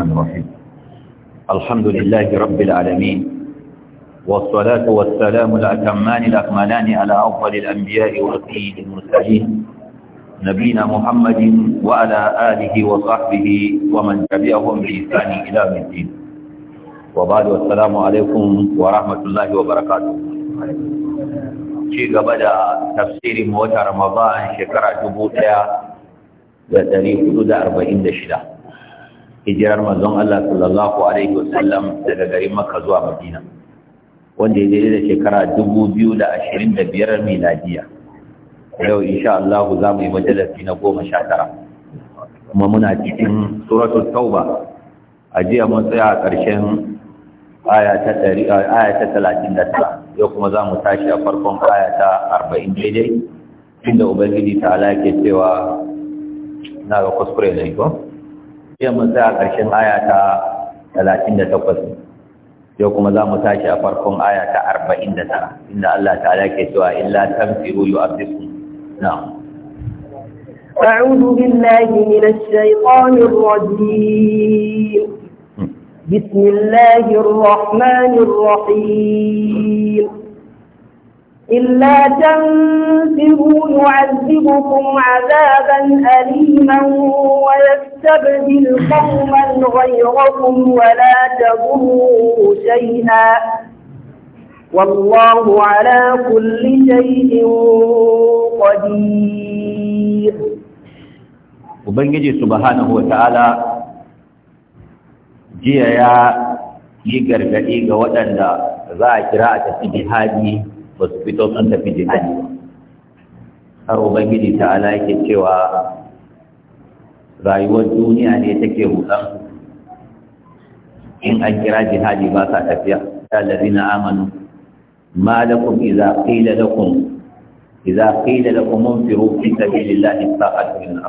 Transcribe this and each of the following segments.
الرحيم الحمد لله رب العالمين والصلاة والسلام الأتمان الأكملان على أفضل الأنبياء وسيد المرسلين نبينا محمد وعلى آله وصحبه ومن تبعهم بإحسان إلى الدين وبعد والسلام عليكم ورحمة الله وبركاته ci gaba da tafsirin wata Ramadan shekara dubu ɗaya da ɗari hudu da arba'in da shida hijirar manzon Allah sallallahu alaihi wasallam daga garin maka zuwa Madina wanda ya daidai da shekara 2025 miladiya yau insha Allah za mu yi majalisi na goma tara kuma muna cikin suratul tauba a jiya mun tsaya a ƙarshen aya ta 39 yau kuma za mu tashi a farkon aya arba'in 40 daidai inda ubangiji ta ala ke cewa na ga kuskure ne ko sai mun tsaya ƙarshen aya ta talatin da takwas sai kuma za mu tashi a farkon aya ta arba'in da tara inda Allah ta'ala ke cewa illa tamfiru yu'adzikum na'am أعوذ بالله من الشيطان الرجيم بسم الله الرحمن الرحيم إلا تنفروا يعذبكم عذابا أليما ويستبدل قوما غيركم ولا تضروه شيئا والله على كل شيء قدير Ubangiji subhanahu wa ta'ala jiya ya yi gargaɗi ga waɗanda za a kira a tafi jihadi ba fito sun tafi jihadi ba har ubangiji ta ala yake cewa rayuwar duniya ne take rudan in an kira jihadi ba sa tafiya Ya alladhina amanu ma da kuma lakum idza qila lakum idza qila lakum munfiru fi sabilillahi faqatun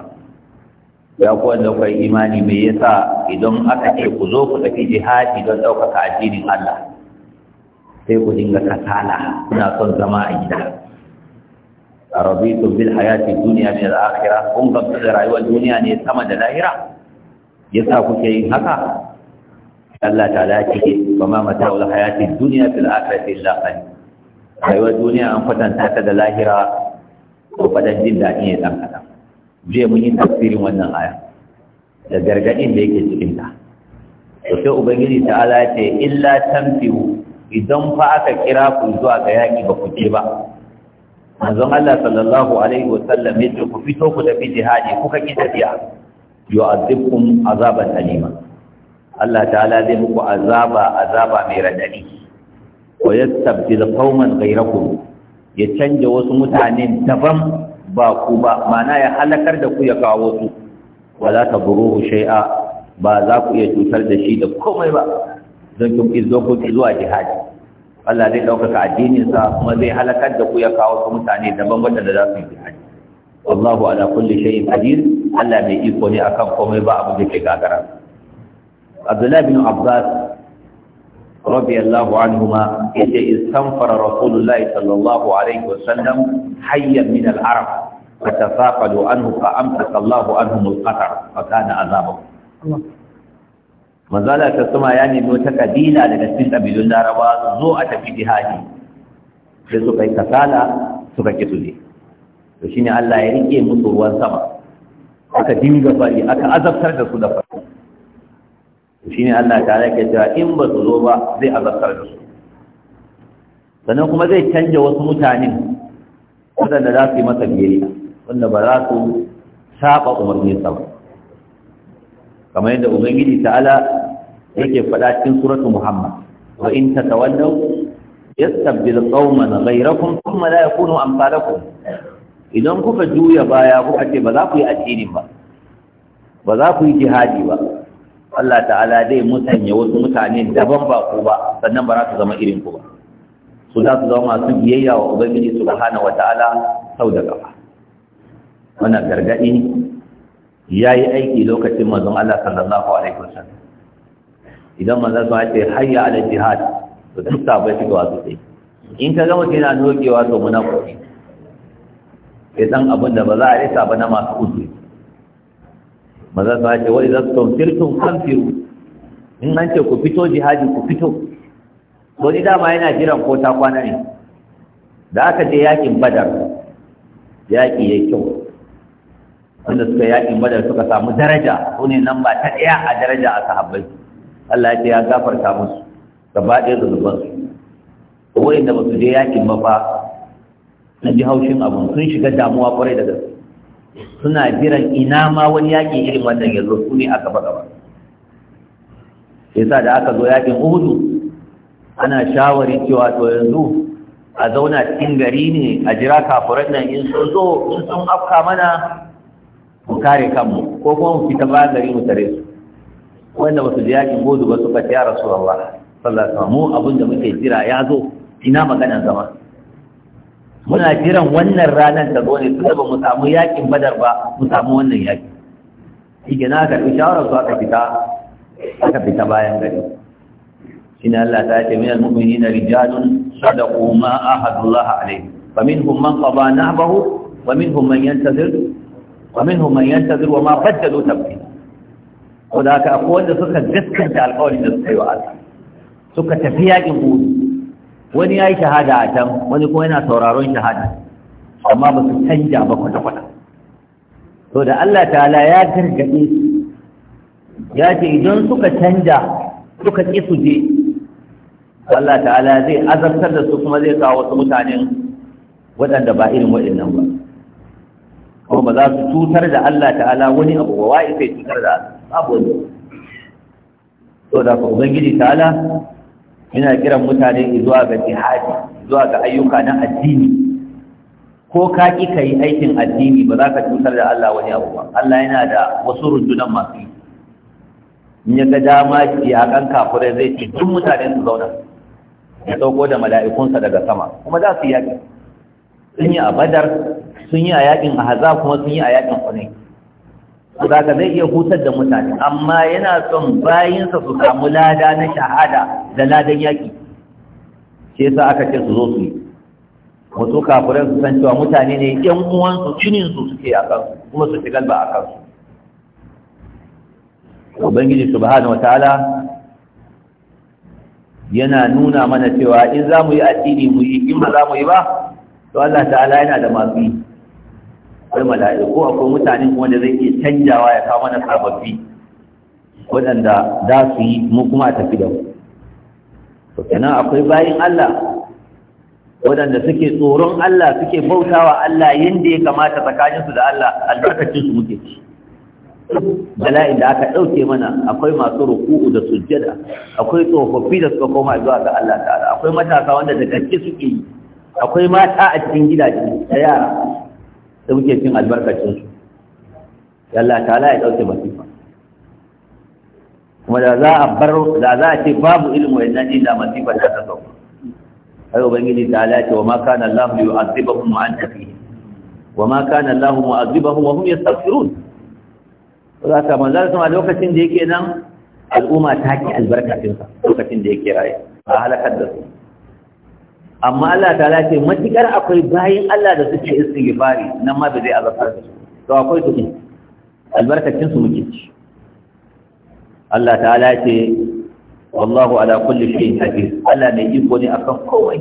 ya kuwa da kai imani me yasa idan aka ce ku zo ku tafi jihadi don ɗaukaka addinin Allah sai ku dinga kasala kuna son zama a gida arabitu bil hayati duniya min al akhirah kun gamsu da rayuwar duniya ne sama da lahira yasa kuke yin haka Allah ta'ala ya ce ba ma mata'ul hayati duniya fil akhirati illa qalil rayuwar duniya an kwatanta ta da lahira ko fadan jin daɗi ne dan kadan je mun yi tafsirin wannan aya da gargadin da yake cikin ta to sai ubangiji ta'ala ya ce illa tanfihu idan fa aka kira ku zuwa ga yaƙi ba ku je ba manzon Allah sallallahu alaihi wa sallam ya ce ku fito ku tafi jihadi kuka ki tafiya yu'adhibkum azaban alima Allah ta'ala zai muku azaba azaba mai radadi wa yastabdil qauman ghayrakum ya canja wasu mutanen daban ba ku ba mana ya halakar da ku ya kawo su wala taburuhu shay'a ba za ku iya cutar da shi da komai ba don kin izo ku zuwa jihadi Allah zai ɗaukaka addininsa kuma zai halakar da ku ya kawo su mutane daban waɗanda za su yi jihadi wallahu ala kulli shay'in qadir Allah mai iko ne akan komai ba abu da ke gagara Abdullah bin Abbas radiyallahu anhuma yace istanfara Rasulullah sallallahu alaihi wasallam hayyan min al-arab fatasaqalu anhu fa amsaka Allah anhum al-qatar fa kana azabahum manzala ta tsuma ya nemi wata kabila daga cikin kabilun laraba zo a tafi jihadi sai suka yi kasala suka ki su ne to shine Allah ya rike musu ruwan sama aka dinga fari aka azabtar da su da fari to shine Allah ta rike cewa in ba su zo ba zai azabtar da su sannan kuma zai canja wasu mutanen waɗanda za su yi masa biyayya wanda ba za su saba umarnin sa ba kamar yadda ubangiji ta'ala yake faɗa cikin suratu muhammad wa in tatawallaw yastabdil qauman ghayrakum thumma la yakunu amsalakum idan kuka juya baya kuka ce ba za ku yi addini ba ba za ku yi jihadi ba Allah ta'ala zai musanya wasu mutane daban ba ku ba sannan ba za su zama irin ku ba su za su zama masu biyayya wa ubangiji subhanahu wata'ala sau da gaba wannan gargadi ya yi aiki lokacin mazan Allah sallallahu alaihi wasallam idan manzon sa ce hayya ala jihad to duk sabai su wasu sai in ka gama kina nokewa to munafiki sai dan abin da ba za a risa ba na masu uzuri manzon sa wani wa idza tumtirtum kamfiru in an ce ku fito jihadi ku fito to ni dama yana jiran ko ta kwana ne da aka je yakin badar yaƙi ya kyau wanda suka yaƙi badar suka samu daraja su ne nan ba ta ɗaya a daraja a sahabbai Allah ya ce ya gafarta musu gaba ɗaya zunubansu wa'inda ba su je yaƙin ba fa na ji haushin abu sun shiga damuwa kwarai da gaske suna jiran ina ma wani yaƙi irin wannan ya zo su ne a gaba gaba yasa da aka zo yaƙin uhudu ana shawari cewa to yanzu a zauna cikin gari ne a jira kafuran nan in sun zo in sun afka mana mu kare kanmu ko kuma mu fita ba gari mu tare su wanda ba su ji yaƙin godu ba suka ya rasu Allah sallallahu alaihi mu abin da muke jira ya zo ina maganan zama muna jiran wannan ranar ta zo ne tunda ba mu samu yaƙin badar ba mu samu wannan yaƙi. shi na karɓi shawarar su aka fita aka fita bayan gari shi ne Allah ta ce minal mu'minina rijalun sadaqu ma ahadullah alaihi faminhum man qada nahbahu wa minhum man yantazir wa minhum man yantazir wa ma baddalu tabdila ko da haka akwai wanda suka gaskanta alƙawarin da suka yi wa Allah suka tafi yakin hudu wani ya yi shahada a can wani kuma yana sauraron shahada amma ba su canja ba kwata-kwata to da Allah ta'ala ya gargaɗe ya ce idan suka canja suka ƙi su je Allah ta'ala zai azabtar da su kuma zai kawo wasu mutanen waɗanda ba irin waɗannan ba kuma ba za su cutar da Allah ta'ala wani abu ba wai sai cutar da abu ne to da ku ubangiji ta'ala yana kiran mutane zuwa ga jihadi zuwa ga ayyuka na addini ko ka ki kai yi aikin addini ba za ka cutar da Allah wani abu ba Allah yana da wasu rundunan masu yi in ya ga dama kan kafure zai ce duk mutane su zauna ya sauko da mala'ikunsa daga sama kuma za su yi yaƙi sun yi a badar sun yi a yakin ahaza kuma sun yi a yakin Za ka zai iya hutar da mutane amma yana son bayinsa su samu lada na shahada da ladan yaki Ke sa aka ce su zo su yi wasu kafirai su san cewa mutane ne yan uwansu cinin su suke a kansu kuma su shigar ba a kansu ubangiji subhanahu ta'ala yana nuna mana cewa in za mu yi addini mu yi in ba za mu yi ba to Allah ta'ala yana da masu yi akwai mala'iku akwai mutane kuma da zai iya canjawa ya kawo mana sababbi waɗanda za su yi mu kuma a tafi da mu to kenan akwai bayin Allah waɗanda suke tsoron Allah suke bautawa Allah yadda ya kamata tsakaninsu da Allah albarkacin su muke ci bala'in da aka ɗauke mana akwai masu ruku'u da sujjada akwai tsofaffi da suka koma zuwa ga Allah ta'ala akwai matasa wanda da gaske suke yi akwai mata a cikin gidaje da yara sai muke cin albarkacinsu yalla ala ya dauke masifa kuma da za a bar da za a ce babu ilmu ya nadi da masifa ta ta sauka ai ubangiji ala ce wa ma kana Allah yu'azibuhum wa anta fi wa ma kana Allah mu'azibuhum wa hum yastaghfirun za ka manzo sama lokacin da yake nan al'umma ta ki albarkacinsa lokacin da yake raye ba halakar da su amma Allah ta ce matukar akwai bayan Allah da suke istighfari nan ma da zai azabtar da su to akwai su ne albarkacin su muke ci Allah ta'ala ce wallahu ala kulli shay'in qadir Allah mai iko ne akan komai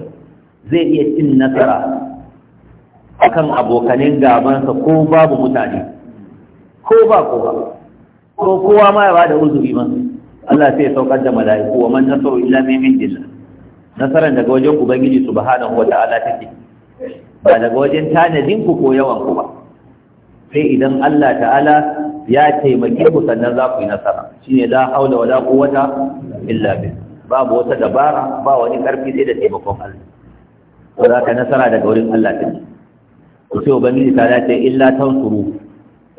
zai iya cin nasara akan abokanin gabansa ko babu mutane ko ba kowa ko kowa ma ya bada uzuri ma Allah sai ya saukar da mala'iku wa man nasaru illa min indillah nasarar daga wajen ubangiji subhanahu wa ta'ala take ba daga wajen tanadin ku ko yawan ku ba sai idan Allah ta'ala ya taimake ku sannan za ku yi nasara shine la haula wala quwwata illa billah babu wata dabara ba wani karfi sai da taimakon Allah to za ka nasara daga wurin Allah take Ku sai ubangiji ta ce illa tansuru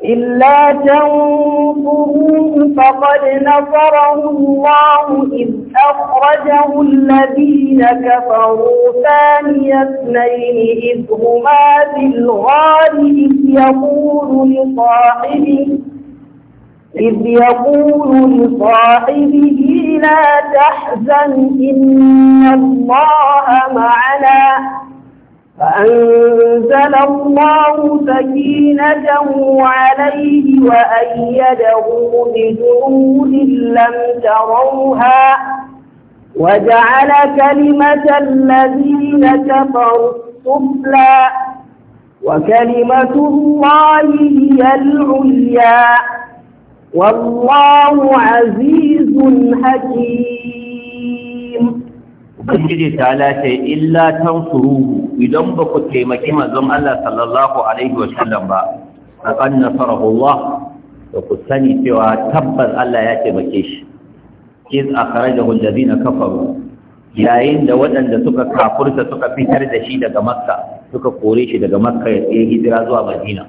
إلا تنفروه فقد نصره الله إذ أخرجه الذين كفروا ثاني اثنين إذ هما في الغار إذ يقول لصاحبه إذ يقول لصاحبه لا تحزن إن الله معنا فأنزل الله سكينته عليه وأيده بجنود لم تروها وجعل كلمة الذين كفروا السفلى وكلمة الله هي العليا والله عزيز حكيم ubangiji ta lace illa tan furu idan ba ku taimaki manzon Allah sallallahu alaihi wa sallam ba faqad nasarahu Allah da ku sani cewa tabbas Allah ya taimake shi iz akhrajahu alladhina kafaru yayin da waɗanda suka kafurta suka fitar da shi daga makka suka kore shi daga makka ya tsaye hijira zuwa madina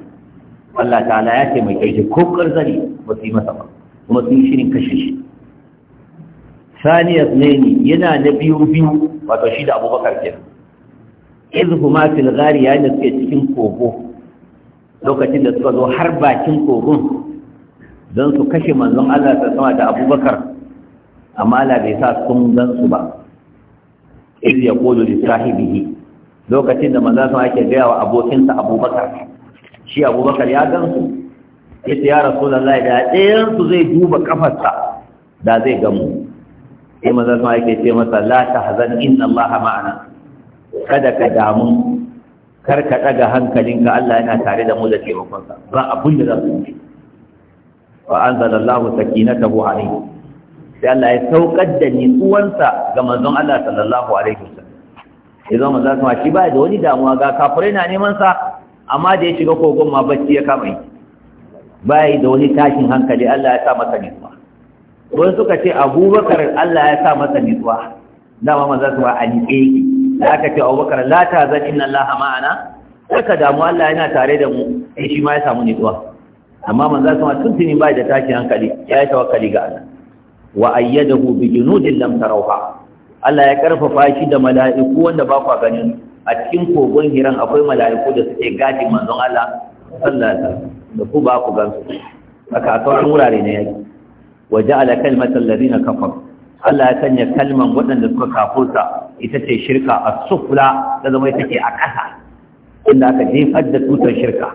Allah ta'ala ya taimake shi ko karzari ba su yi masa ba kuma sun shirin kashe shi saniya tsneni yana na biyu biyu wato shi da abubakar kenan iz huma fil ghari yayin da suke cikin kogo lokacin da suka zo har bakin kogon don su kashe manzon Allah ta sama da abubakar amma Allah bai sa sun gan su ba iz ya kodo li sahibihi lokacin da manzon sama yake gaya wa abokinsa abubakar shi abubakar ya gan su yace ya rasulullahi da ɗayan su zai duba kafarsa da zai gamu sai manzon sama yake ce masa la hazan inna Allah ma'ana kada ka damu kar ka daga hankalinka Allah yana tare da mu da taimakonsa ba abun da za su yi wa anzalallahu sakinatahu alayhi sai Allah ya saukar da nutsuwansa ga manzon Allah sallallahu alaihi wasallam sai zama manzon sama shi ba da wani damuwa ga kafirai na neman sa amma da ya shiga kogon ma bacci ya kama yi ba yi da wani tashin hankali Allah ya sa masa nutsuwa wani suka ce abubakar Allah ya sa masa nutsuwa dama maza su ba a nitse yake da aka ce abubakar la ta zan inna Allah ma'ana saka damu Allah yana tare da mu in shi ma ya samu nitsuwa amma maza su ma tuntuni ba da tashi hankali ya yi tawakkali ga Allah wa ayyadahu bi junudin lam tarawha Allah ya karfafa shi da mala'iku wanda ba kwa ganin a cikin kogon hiran akwai mala'iku da suke gadi manzon Allah sallallahu alaihi wasallam da ku ba ku gansu haka a sauran wurare ne yake wa ja'ala kalmatal ladina kafar Allah ya sanya kalman waɗanda suka kafurta ita ce shirka a sufla ta zama ita ce a ƙasa inda aka jefar da tutar shirka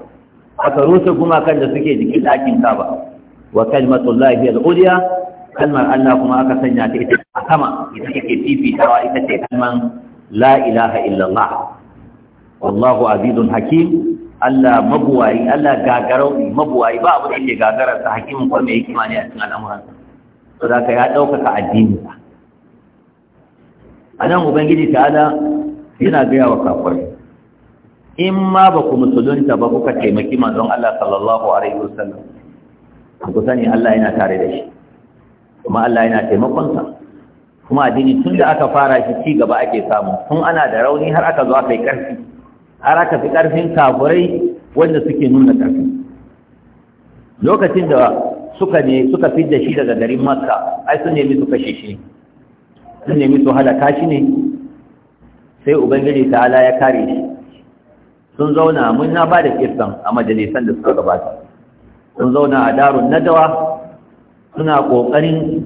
aka rusa gumakan da suke jikin ɗakin kaba wa kalmatullahi al-uliya kalmar Allah kuma aka sanya ta ita a sama ita take fifitawa ita ce kalman la ilaha illallah wallahu azizun hakim Allah mabuwayi Allah gagarau ne mabuwayi ba abu da yake gagarar sa hakimin kuma mai hikima ne a cikin al'amuran to da ka ya ɗaukaka addini sa a nan ubangiji ta'ala yana gaya wa kafirai in ma ba ku musulunta ba kuka taimaki manzon Allah sallallahu alaihi wasallam ku sani Allah yana tare da shi kuma Allah yana taimakon sa kuma addini tun da aka fara shi ci gaba ake samu tun ana da rauni har aka zo aka yi ƙarfi har aka fi ƙarfin kafurai wanda suke nuna ƙarfi lokacin da suka ne suka fidda shi daga garin makka ai sun nemi su kashe shi sun nemi su halaka shi ne sai ubangiji ta'ala ya kare shi sun zauna mun na ba da kirtan a majalisan da suka gabata sun zauna a darun nadawa suna ƙoƙarin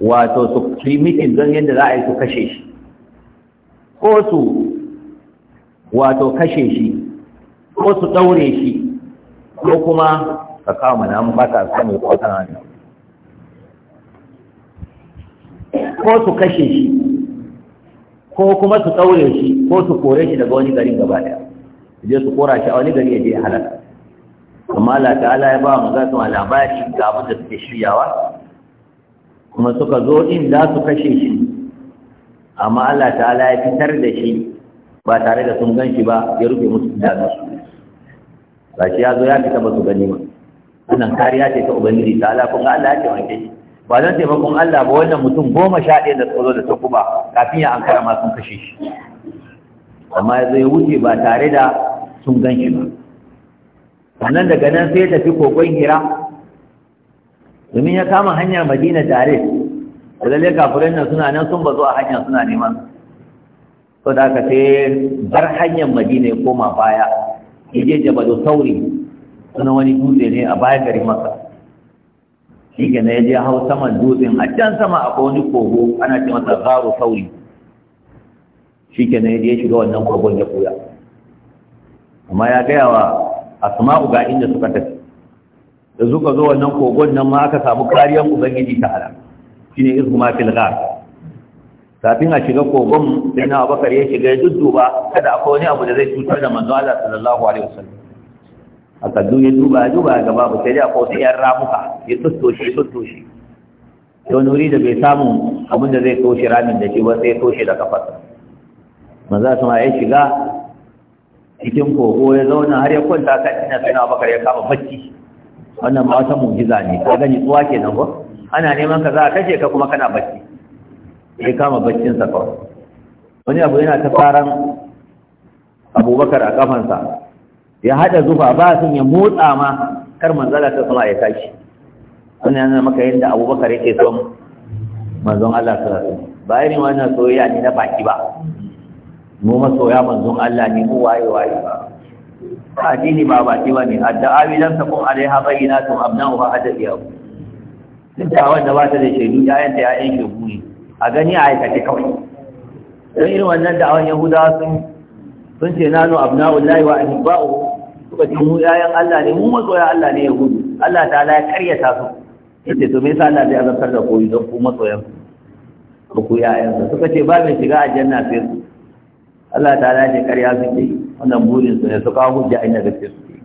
wato su don yadda za a yi su kashe shi ko su wato kashe shi ko su ɗaure shi ko kuma ka kawo mana mun ba ta samu ko tana ne ko su kashe shi ko kuma su ɗaure shi ko su kore shi daga wani garin gaba ɗaya su je su kora shi a wani gari ya je halaka amma Allah ta'ala ya ba mu za su labari ga abin da suke shiryawa kuma suka zo in za su kashe shi amma Allah ta'ala ya fitar da shi ba tare da sun gan shi ba ya rufe musu nasu. ba shi ya zo ya fita ba su gani ba wannan kariya ce ta ubangiji ta ala kun ga Allah ya ce wanke shi ba zan taimakon Allah ba wannan mutum goma sha ɗaya da tsoro da takuba kafin ya ankara ma sun kashe shi amma ya zo ya wuce ba tare da sun gan shi ba sannan daga nan sai ya tafi kogon hira domin ya kama hanyar madina tare da lalle kafirai nan suna nan sun bazo a hanya suna neman so da aka sai bar hanyar madina ya koma baya ya je jabalu sauri suna wani dutse ne a baya garin maka shi gane ya je hau saman dutsen a can sama a wani kogo ana ce masa garo sauri shi gane ya je shiga wannan kogon ya koya amma ya gaya wa asma'u uga inda suka tafi da suka zo wannan kogon nan ma aka samu kariyar ubangiji ta ala shine izuma fil ghar kafin a shiga kogon sai na abakar ya shiga ya dudduba kada akwai wani abu da zai cutar da manzo Allah sallallahu alaihi wasallam aka ya duba ya duba ga babu sai ya ko sai ya ramuka ya tuttoshe tuttoshe don wuri da bai samu abin da zai toshe ramin da shi ba sai toshe da kafarsa manzo sama ya shiga cikin kogo ya zauna har ya kwanta kan ina sai na abakar ya kama bacci wannan ma wata mu'jiza ne ka gani tsuwa kenan ba ana neman ka za a kashe ka kuma kana bacci ya kama baccin sa kawai wani abu yana ta faran abubakar a kafansa ya haɗa zufa ba sun ya motsa ma kar manzala ta sama ya tashi wani yana maka yadda abubakar yake son manzon Allah sallallahu alaihi wasallam ba irin wannan soyayya ne na baki ba mu masoya manzon Allah ne mu waye waye ba dini ba baki ba ne adda'awi lam takun alaiha bayyinatun hada hadabiyahu duk da wanda ba ta da shaidu yanta ya'yan shehu ne a gani a aikace kawai don irin wannan da'awan yahudawa sun sun ce nanu abna'ullahi wa ahibba'u suka ce mu yayan Allah ne mu masoya Allah ne yahudu Allah ta la ya karyata su yace to me yasa Allah zai azabtar da koyi don ku masoyan ku ku yayan su suka ce ba mai shiga aljanna sai su Allah la ya karya suke wannan burin su ne su kawo hujja inda gaske suke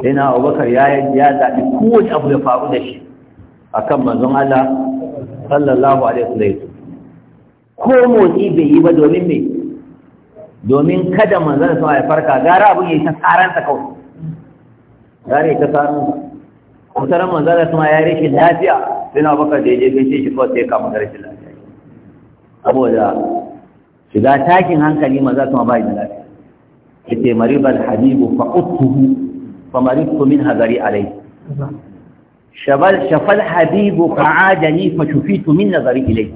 sai na Abubakar ya ya zabi kowace abu da faru da shi akan manzon Allah sallallahu alaihi wasallam ko motsi bai yi ba domin me domin kada manzon sa ya farka gara abin yayi ta karan ta kawai gara ta tsaran kusaran manzon sa ya rashin lafiya sai baka da je gaishe shi ko sai kama rashin lafiya saboda shiga takin hankali manzon sa ba shi lafiya yace maribal habibu fa uttuhu fa maridtu min hadari alayhi shafal habibu fa'adani fa shufitu min nazari ilai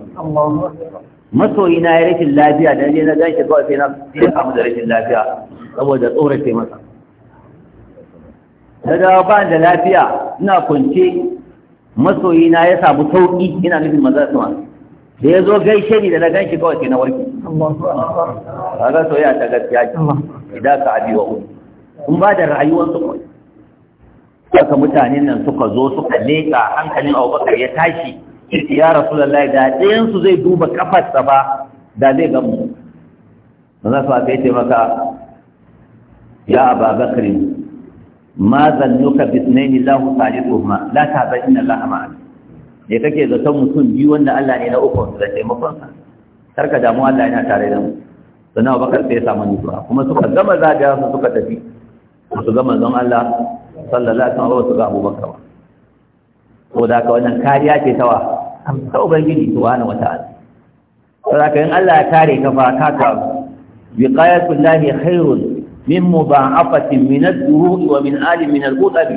masoyi na ya rashin lafiya da ne na gan shi kawai sai na sai samu da rashin lafiya saboda tsorace masa da dawa ba da lafiya ina kwance masoyi na ya samu sauki ina nufin maza su da ya zo gaishe ni da na gan shi kawai sai na warke kaga soyayya ta gaskiya ce idan ka abi wa kun ba da rayuwarsu kawai haka mutanen nan suka zo suka leƙa hankalin abubakar ya tashi ya rasulallah da ɗayansu zai duba kafarsa ba da zai gamu maza su aka yi ce maka ya ababakarin ma zannuka bisnaini lahu salisuhuma la ta zan inna laha ma'ana ne kake zaton mutum biyu wanda Allah ne na uku da sa karka damu Allah yana tare da mu sannan abubakar sai ya samu nutsuwa kuma suka gama zagaya su suka tafi su gama zan Allah sallallahu alaihi wasallam ga abubakar ba ko da ka wannan kariya ce tawa ta ubangiji subhanahu wataala saboda in Allah ya kare ka fa ka ka biqayatullahi khairun min mudha'afatin min ad-duru'i wa min ali min al-qutabi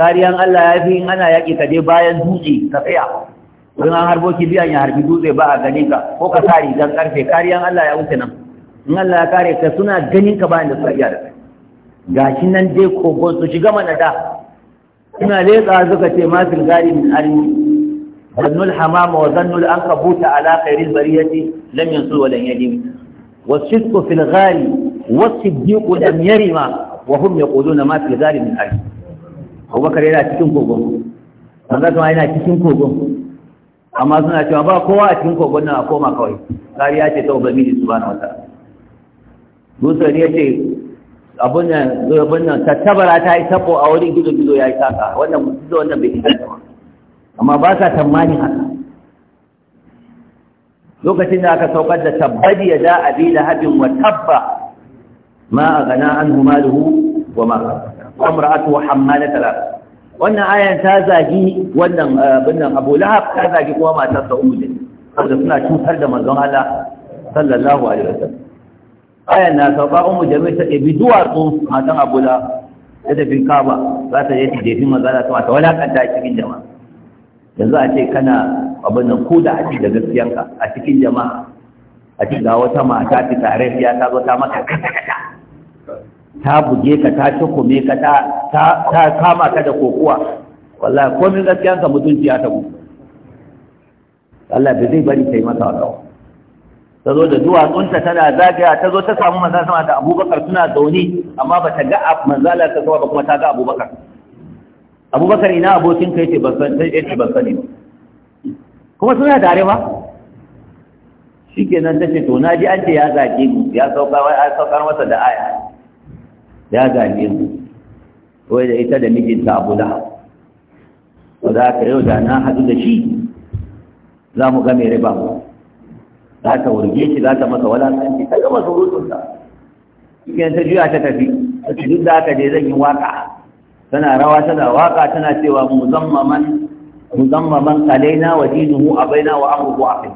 kariyan Allah ya fi in ana yaki ka dai bayan dutse ka tsaya in an harbo biyan ya harbi dutse ba a gani ka ko ka sa rigan karfe kariyan Allah ya wuce nan in Allah ya kare ka suna ganin ka bayan da suka iya da kai gashi nan dai kogon su shiga mana da ina leƙa suka ce ma gari min arni zannul hamama wa zannul an kabuta ala khairin bariyati lam yansu wa lan yadim wa sidqu fil ghali wa siddiqu lam yarima wa hum yaquluna ma fil ghali min arni Abubakar yana cikin kogon manzo kuma yana cikin kogon amma suna cewa ba kowa a cikin kogon nan a koma kawai kariya ce ta ubangiji subhanahu wataala dusar ya ce abin nan tattabara ta yi tabo a wurin gizo gizo ya yi saka wannan mutum wannan bai inganta ba amma ba sa tammani haka lokacin da aka saukar da tabbadi ya da abi wa tabba ma a gana an huma da hu wa ma hamma na al wannan ayan ta zagi wannan eh, abin nan Abu Lahab ta zagi kuma matarsa Ummu ne saboda suna cutar da manzon Allah sallallahu alaihi wasallam ayan na sauka umu jami'a ta ɗabi duwatsu matan abula ta tafi kaba za ta yi ta jefi maza da sama ta walakanta ta cikin jama'a yanzu a ce kana abin nan ko da ake da gaskiyanka a cikin jama'a a cikin ga wata mata ta tare ya ta zo ta maka kasa ta buge ka ta cikume ka ta kama ka da kokuwa wallahi komin gaskiyanka mutunci ya tabu Allah bai zai bari kai masa wa ta zo da duwatsunta tana zagaya ta zo ta samu manzan sama da abubakar suna zaune amma ba ta ga manzalar ta sama ba kuma ta ga abubakar abubakar ina abokin ka ce ban sani kuma suna tare ba shi kenan ta ce to na ji an ce ya zage mu ya sauka wai an saukar masa da aya ya zage mu wai da ita da mijinta abu da ba za ka yau da na haɗu da shi za mu ga mai riba mu za ta wurge shi za ta masa walakanci ta gama surutunta cikin ta juya ta tafi ta duk da aka je zan yi waka tana rawa tana waka tana cewa muzammaman muzammaman alaina wa dinuhu abaina wa amruhu kai.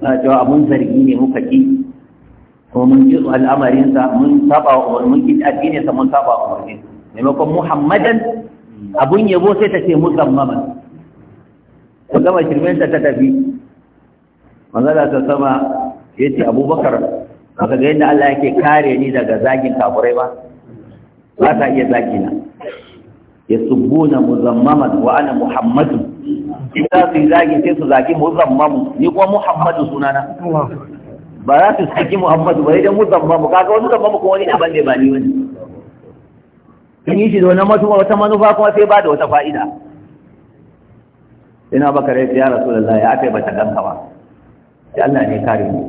tana cewa abun zargi ne muka ki ko mun ji al'amarin sa mun saba wa mun ki addini sa mun saba wa umarni maimakon muhammadan abun yabo sai ta ce muzammaman Ta gama shirmen ta tafi manzala ta sama ya ce abubakar baka ga yadda Allah yake kare ni daga zagin kafurai ba ba ta iya zagi na ya na muzammaman wa ana muhammadu in za su yi zagi sai su zagi muzammamu ni kuma muhammadu sunana ba za su saki muhammadu ba idan muzammamu kaga wani zammamu kuma wani daban ne ba ni wani in yi shi da wani mutum wata manufa kuma sai ba da wata fa'ida ina baka rai ya rasu da ya aka yi bata ta ganka ba da Allah ne kare mu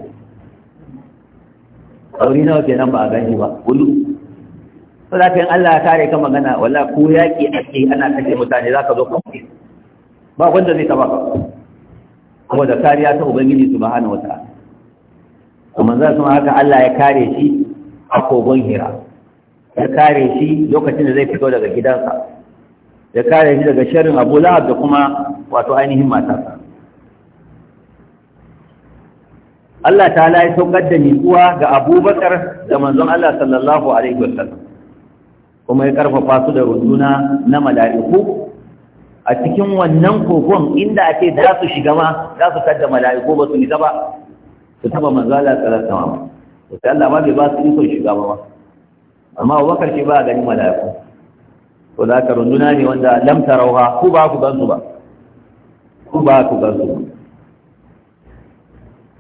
aure nawa nan ba a gani ba kullu to da kan Allah ya kare ka magana walla ko yaki ake ana kace mutane za ka zo ka ba wanda zai taba ka kuma da kariya ta ubangiji subhanahu wataala kuma za su haka Allah ya kare shi a kogon hira ya kare shi lokacin da zai fito daga gidansa ya kare shi daga sharrin abu lahab da kuma wato ainihin matarsa Allah ta ya saukar da nutsuwa ga abubakar da manzon Allah sallallahu alaihi wasallam kuma ya karfafa su da runduna na mala'iku a cikin wannan kogon inda ake za su shiga ma za su tadda mala'iku ba su nisa ba su taba manzon Allah sallallahu alaihi wasallam sai Allah ma bai ba su iso shiga ba amma abubakar shi ba ganin mala'iku Ko da ka runduna ne wanda lamta tarauha ku ba ku gansu ba ku ba ku gansu ba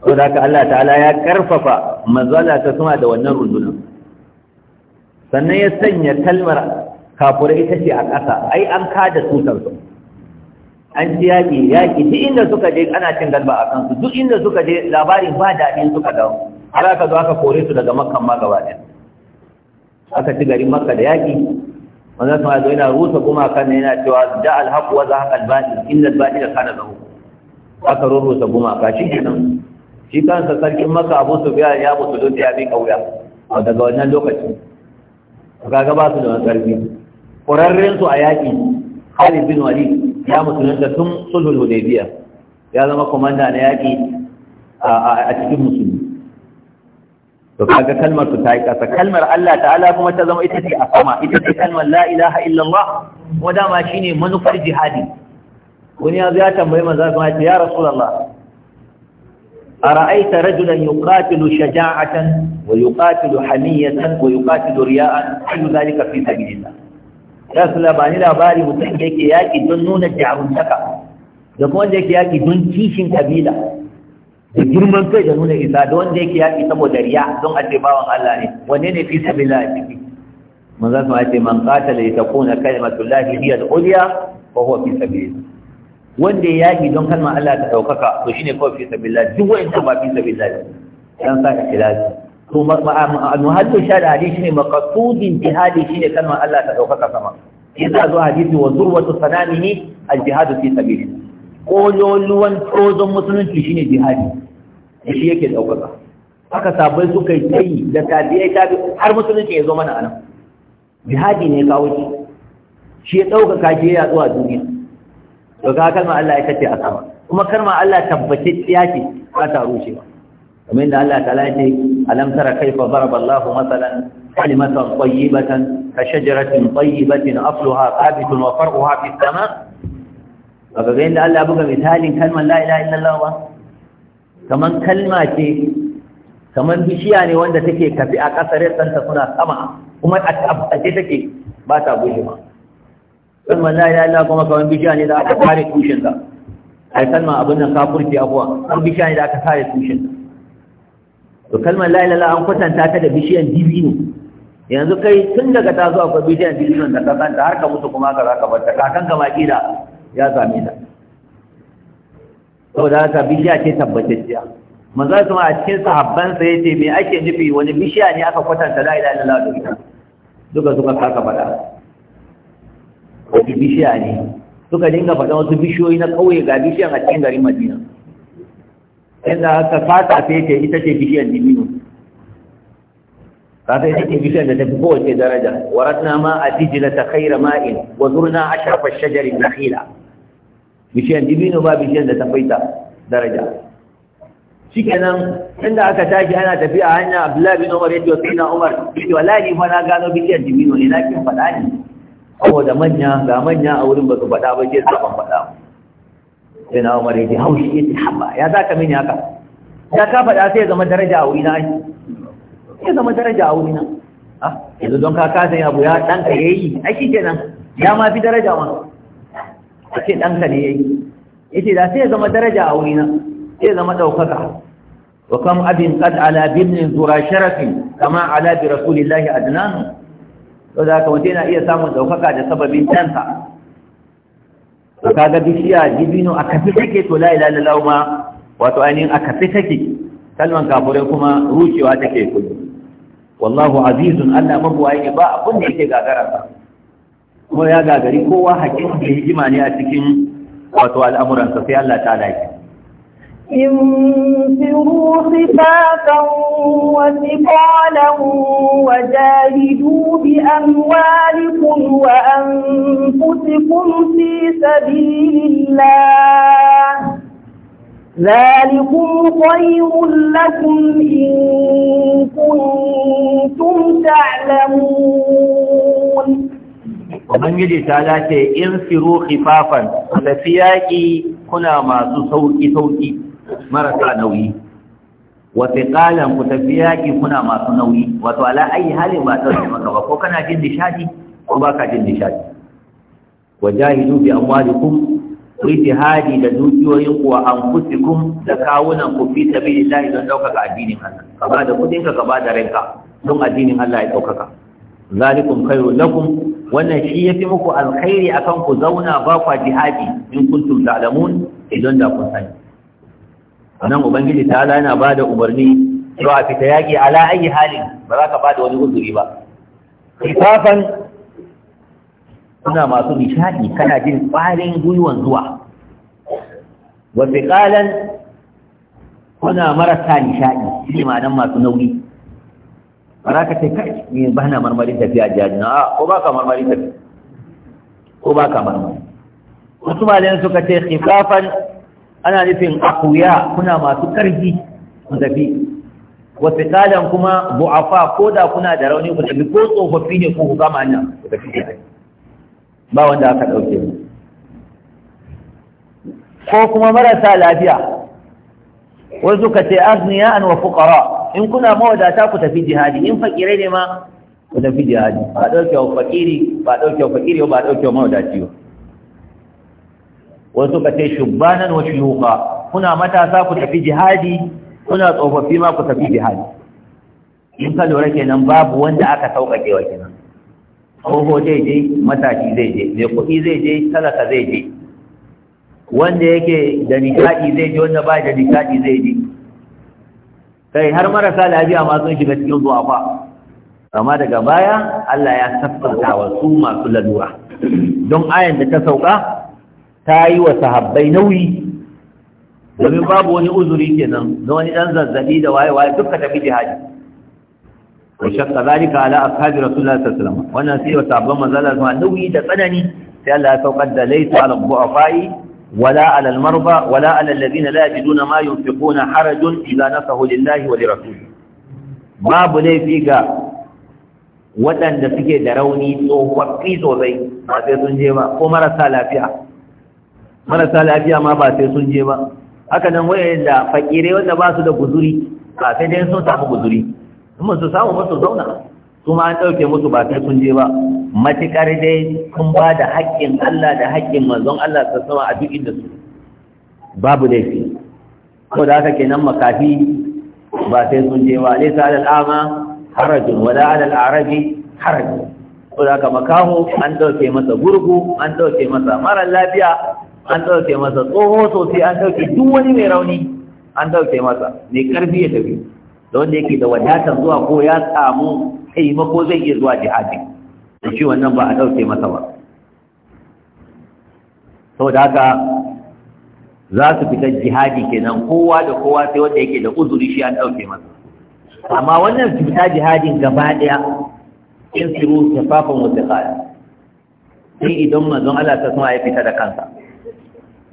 ko da haka Allah ta'ala ya karfafa mazala ta suma da wannan rundunar sannan ya sanya kalmar kafurai ita ce a ƙasa ai an kada tutarsu an ci yaƙi yaƙi duk inda suka je ana cin galba a kansu duk inda suka je labarin ba daɗin suka dawo har aka zo aka kore su daga makkan ma gaba ɗaya aka ci garin makka da yaƙi wanda su zo yana rusa gumakan ne yana cewa da alhaku wa za haƙa albaɗi inda albaɗi da kana zaho, aka rurrusa gumaka shi kenan shi kansa sarkin maka abu su biya ya mutu don ya bi kauya a daga wannan lokacin kaga ba su da wani sarki ƙurarren su a yaƙi Khalid bin Walid ya musulunta tun sulhul Hudaybiya ya zama komanda na yaƙi a cikin musulmi to kaga kalmar su ta yi ƙasa. kalmar Allah ta'ala kuma ta zama ita ce a sama ita ce kalmar la ilaha illallah kuma dama shine manufar jihadi wani ya zo ya tambayi manzo ya ce ya rasulullah أرأيت رجلا يقاتل شجاعة ويقاتل حمية ويقاتل رياء أي ذلك في سبيل الله ya su labari labari mutum da yake yaƙi don nuna jaruntaka da kuma wanda yaƙi don kishin kabila da girman kai da nuna isa da wanda yake yaƙi saboda riya don addabawan Allah ne wanne ne fi sabila a ciki manzo sun ce man qatala yatakuna kalimatu llahi hiya al-ulya fa huwa fi sabilillah wanda ya yaki don kalma Allah ta ɗaukaka to shi ne kawai fi sabilillah duk ta ba fi sabilillah dan sa ka tilafi to sha da hadisi shine maqsudin jihadi shine kalma Allah ta ɗaukaka sama yasa zuwa hadisi wa zurwatu sanamihi al-jihadu fi sabilillah kololuwan tsozon musulunci shi ne jihadi da shi yake ɗaukaka Aka sabai suka yi da tabi'ai tabi har musulunci ya zo mana anan jihadi ne kawo shi shi ya ɗaukaka shi ya zuwa duniya to ga kalma Allah ita ce a sama kuma kalma Allah tabbace tabbatacciya ce ba ta rushe ba kamar da Allah ta ce alam tara kaifa daraba Allahu masalan kalimatan tayyibatan ka shajaratin tayyibatin asluha thabitun wa far'uha fis sama kaga ga inda Allah buga misalin kalmar la ilaha illallah ba kaman kalma ce kamar bishiya ne wanda take kafi a kasar santa suna sama kuma a tabbace take ba ta gushe kalmar la ya illallah kuma kawai bishiya ne da aka kare tushen sa ai kalmar abin nan kafurci abuwa an bishiya ne da aka kare tushen sa to kalmar la ilaha an kwatanta ta da bishiyan dibino yanzu kai tun daga ta zuwa akwai bishiyan dibino da ka kanta har ka mutu kuma ka za ka bar ta kakan gama kira da ya zame ta saboda haka bishiya ce tabbatacciya manzo kuma a cikin ya yace me ake nufi wani bishiya ne aka kwatanta la ilaha illallah da ita duka suka kaka faɗa wata bishiya ne suka dinga faɗa wasu bishiyoyi na kawai ga bishiyan a cikin garin madina inda aka fata ta ce ita ce bishiyan dibino ka sai take bishiyan da ta fi kowace daraja waratna ma a tijila ta khaira ma'in wa zurna ashrafa shajarin nakhila bishiyan dibino ba bishiyan da ta faita daraja shikenan inda aka tashi ana tafiya hanya abdullahi bin umar ya ce wa sayyidina umar ya ce wallahi fa na gano bishiyan dibino ne na kin faɗa ne saboda manya ga manya a wurin ba su faɗa ba ke zaɓan faɗa sai na umar ya hau haushi ya haɓa ya za ka mini haka ya ka faɗa sai ya zama daraja a wurina ai ya zama daraja a wurina ah yanzu don ka kasan abu ya ɗanka ya yi aiki shi kenan ya ma fi daraja ma a ce ɗanka ne ya yi ya ce da sai ya zama daraja a wurina sai ya zama ɗaukaka wa kam abin qad ala bibnin zura sharafin kama ala bi rasulillahi adnan sau da haka waje yana iya samun daukaka da sababin ɗansa to kaga bishiya dibino a kafi take to la ilaha illallah ma wato ainihin a kafi take kalman kafurai kuma rucewa take kullu wallahu azizun Allah mabu mabuwaye ba abun da yake gagara kuma ya gagari kowa hakin da hikima ne a cikin wato al'amuransa sai Allah ta lafi انفروا خفافا وثقالا وجاهدوا بأموالكم وأنفسكم في سبيل الله ذلكم خير لكم إن كنتم تعلمون Ubangiji ta dace in siru khifafan, tafi yaƙi kuna masu marasa nauyi wa fiqalan ku tafi yaƙi kuna masu nauyi wato ala ayi halin ba ta zama ba ko kana jin nishadi ko ba ka jin nishadi wa jahidu bi amwalikum ku jihadi da dukiyoyin ku wa anfusikum da kawunan ku fi sabilillahi don ɗaukaka addinin Allah ka ba da kuɗinka, ka ka ba da ranka don addinin Allah ya ɗaukaka zalikum khairu lakum wannan shi yafi muku alkhairi akan ku zauna ba kwa jihadi in kuntum ta'lamun idan da kun sani nan ubangiji ta yana ba da umarni cewa a fita yaƙi ala ayi halin ba za ka ba da wani uzuri ba kifafan suna masu nishaɗi kana jin ƙwarin gwiwan zuwa wasu ƙalan kuna marasa nishaɗi shi ma'anan masu nauyi ba za ka ce kai ne ba na marmarin tafiya jihadi na ko ba ka marmarin tafiya ko ba ka marmarin wasu malayan suka ce kifafan ana nufin akuya kuna masu ƙarfi ku tafi wasu kalan kuma bu'afa ko da kuna da rauni ku tafi ko tsofaffi ne ko ku gama hanya ku tafi tare ba wanda aka ɗauke mu ko kuma marasa lafiya wasu suka ce azniya an wa fuqara in kuna mawadata ku tafi jihadi in fakirai ne ma ku tafi jihadi ba ɗauke wa fakiri ba ɗauke wa fakiri ba ɗauke wa mawadaci ba wasu ka ce shubbanan wa shuyuka kuna matasa ku tafi jihadi kuna tsofaffi ma ku tafi jihadi in ka lura kenan babu wanda aka sauƙaƙe wa kenan tsoho zai je matashi zai je mai kuɗi zai je talaka zai je wanda yake da nishaɗi zai je wanda ba da nishaɗi zai je kai har marasa lafiya ma sun shiga cikin zuwa fa amma daga baya Allah ya sassauta wa su masu lalura don ayan da ta sauka ta yi wa sahabbai nauyi domin babu wani uzuri kenan da wani ɗan zazzabi da waye waye duka tafi jihadi wa shakka zalika ala ashabi rasulullah sallallahu alaihi wasallam wannan sai wa sahabban manzala kuma nauyi da tsanani sai Allah ya saukar da laysa ala bu'afai wala ala al-marba wala ala alladhina la yajiduna ma yunfiquna harajun idza nasahu lillahi wa lirasulihi babu laifi ga waɗanda suke da rauni tsofaffi sosai ba sai sun je ba ko marasa lafiya marasa lafiya ma ba sai sun je ba haka nan da fakire wanda ba su da guzuri ba sai dai sun samu guzuri Sun su samu musu zauna su ma an ɗauke musu ba sai sun je ba matuƙar dai kun ba da haƙƙin Allah da haƙƙin manzon Allah ta sama a duk inda su babu laifi ko da haka kenan makafi ba sai sun je ba laysa alal ama harajun wala alal arabi harajun ko da haka makaho an ɗauke masa gurgu an ɗauke masa mara lafiya an ɗauke masa tsoho sosai an ɗauke duk wani mai rauni an ɗauke masa mai ƙarfi ya tafi da wanda yake da wadatar zuwa ko ya samu taimako zai iya zuwa jihadi da shi wannan ba a ɗauke masa ba sau da haka za su fita jihadi kenan kowa da kowa sai wanda yake da uzuri shi an ɗauke masa amma wannan fita jihadin gaba ɗaya in siru tafafan wata kala sai idan mazan Allah ta suna ya fita da kansa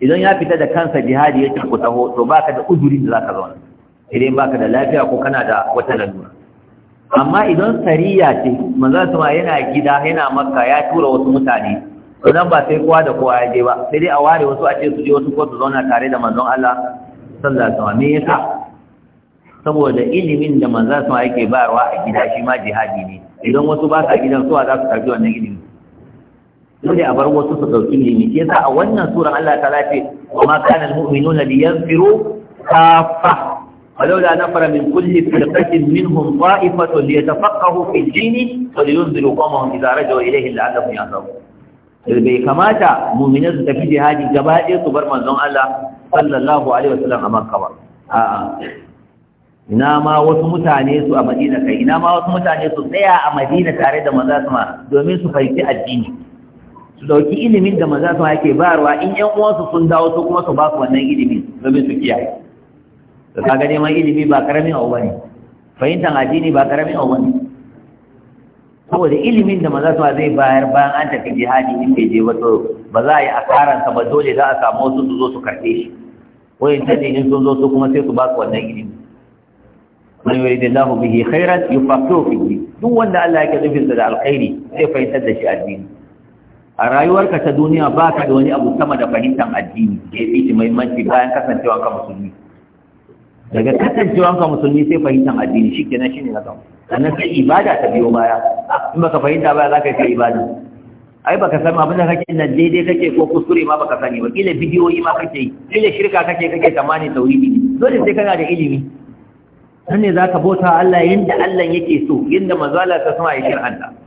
idan ya fita da kansa jihadi ya ce taho to baka da uzuri da zaka zauna idan baka da lafiya ko kana da wata lalura amma idan sariya ce manzo yana gida yana makka ya tura wasu mutane idan ba sai kowa da kowa ya je ba sai dai a ware wasu a ce su je wasu ko su zauna tare da manzon Allah sallallahu alaihi wasallam me yasa saboda ilimin da manzo yake bayarwa a gida shi ma jihadi ne idan wasu ba sa gidan suwa za su karbi wannan ilimin dole a bar wasu su dauki ilimi shi sa a wannan suran Allah ta lafi wa ma kana almu'minuna liyanfiru kafa ولولا نفر من كل فرقة منهم طائفة ليتفقهوا في الدين ولينذروا قومهم إذا رجعوا إليه لعلهم يعذرون bai kamata muminan su tafi jihadi gaba ɗaya su bar manzon Allah sallallahu alaihi wasallam a Makka a'a ina ma wasu mutane su a Madina kai ina ma wasu mutane su tsaya a Madina tare da maza su domin su fahimci addini su dauki ilimin da maza su ake bayarwa in yan uwansu sun dawo su kuma su ba su wannan ilimin domin su kiyaye to ga neman ilimi ba karamin abu bane fahimtar addini ba karamin abu bane saboda ilimin da maza su zai bayar bayan an tafi jihadi in bai je ba to ba za a yi asaransa ba dole za a samu wasu su zo su karɓe shi wayan ta in sun zo su kuma sai su ba su wannan ilimi man yuridillahu bihi khairan yufaqihu fi duk wanda Allah ya nufin sa da alkhairi sai fahimtar da shi addini a rayuwarka ta duniya ba ka da wani abu sama da fahimtar addini da ya fi shi muhimmanci bayan kasancewa ka musulmi daga kasancewa ka musulmi sai fahimtar addini shi kenan shi ne na gaba sannan sai ibada ta biyo baya in baka fahimta baya za ka yi ibada ai baka san abin da kake nan daidai kake ko kuskure ma baka sani ba kila bidiyoyi ma kake yi kila shirka kake kake tamani tauridi dole sai kana da ilimi nan ne za ka bauta Allah yanda Allah yake so yanda manzo Allah ta sama ya shir'anta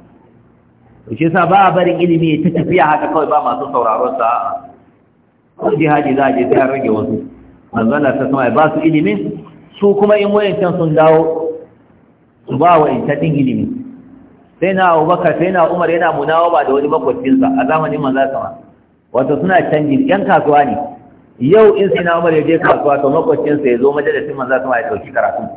to shi yasa ba a barin ilimi ta tafiya haka kawai ba masu sauraron sa ko jihadi za a je sai rage wasu manzala ta sama ba su ilimi su kuma in wayancan sun dawo su ba wa ɗin ilimi sai na abubakar sai na umar yana munawa ba da wani makwabcinsa a zamanin manzala sama wato suna canjin yan kasuwa ne yau in sai na umar ya je kasuwa to makwacinsa ya zo majalisin manza sama ya ɗauki karatun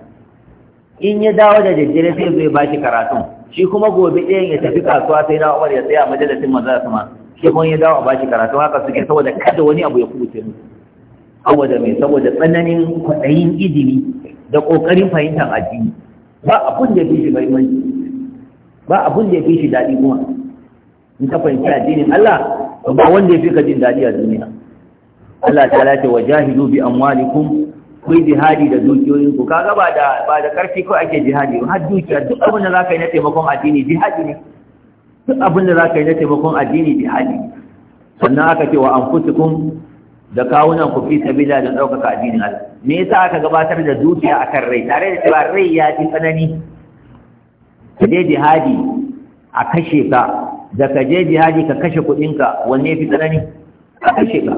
in ya dawo da daddare sai zai ba shi karatun shi kuma gobe ɗayan ya tafi kasuwa sai na umar ya tsaya a majalisin da sama shi kuma ya dawo a bashi karatu haka suke saboda kada wani abu ya kubuce musu saboda mai saboda tsananin kwaɗayin izini da ƙoƙarin fahimtar addini ba abun da ya fi shi mahimmanci ba abun da ya fi shi daɗi kuma in ka fahimci addinin Allah ba wanda ya fi ka jin daɗi a duniya Allah ta lati wa jahilu bi amwalikum ku yi jihadi da dukiyoyin ku kaga ba da ba da karfi ko ake jihadi har dukiya duk abin da zaka yi na taimakon addini jihadi ne duk abin da zaka yi na taimakon addini jihadi sannan aka ce wa anfusukum da kawunan ku fi sabila da ɗaukaka addinin Allah me yasa aka gabatar da dukiya akan rai tare da cewa rai ya fi tsanani ka je jihadi a kashe ka da ka je jihadi ka kashe kuɗinka wanne fi tsanani a kashe ka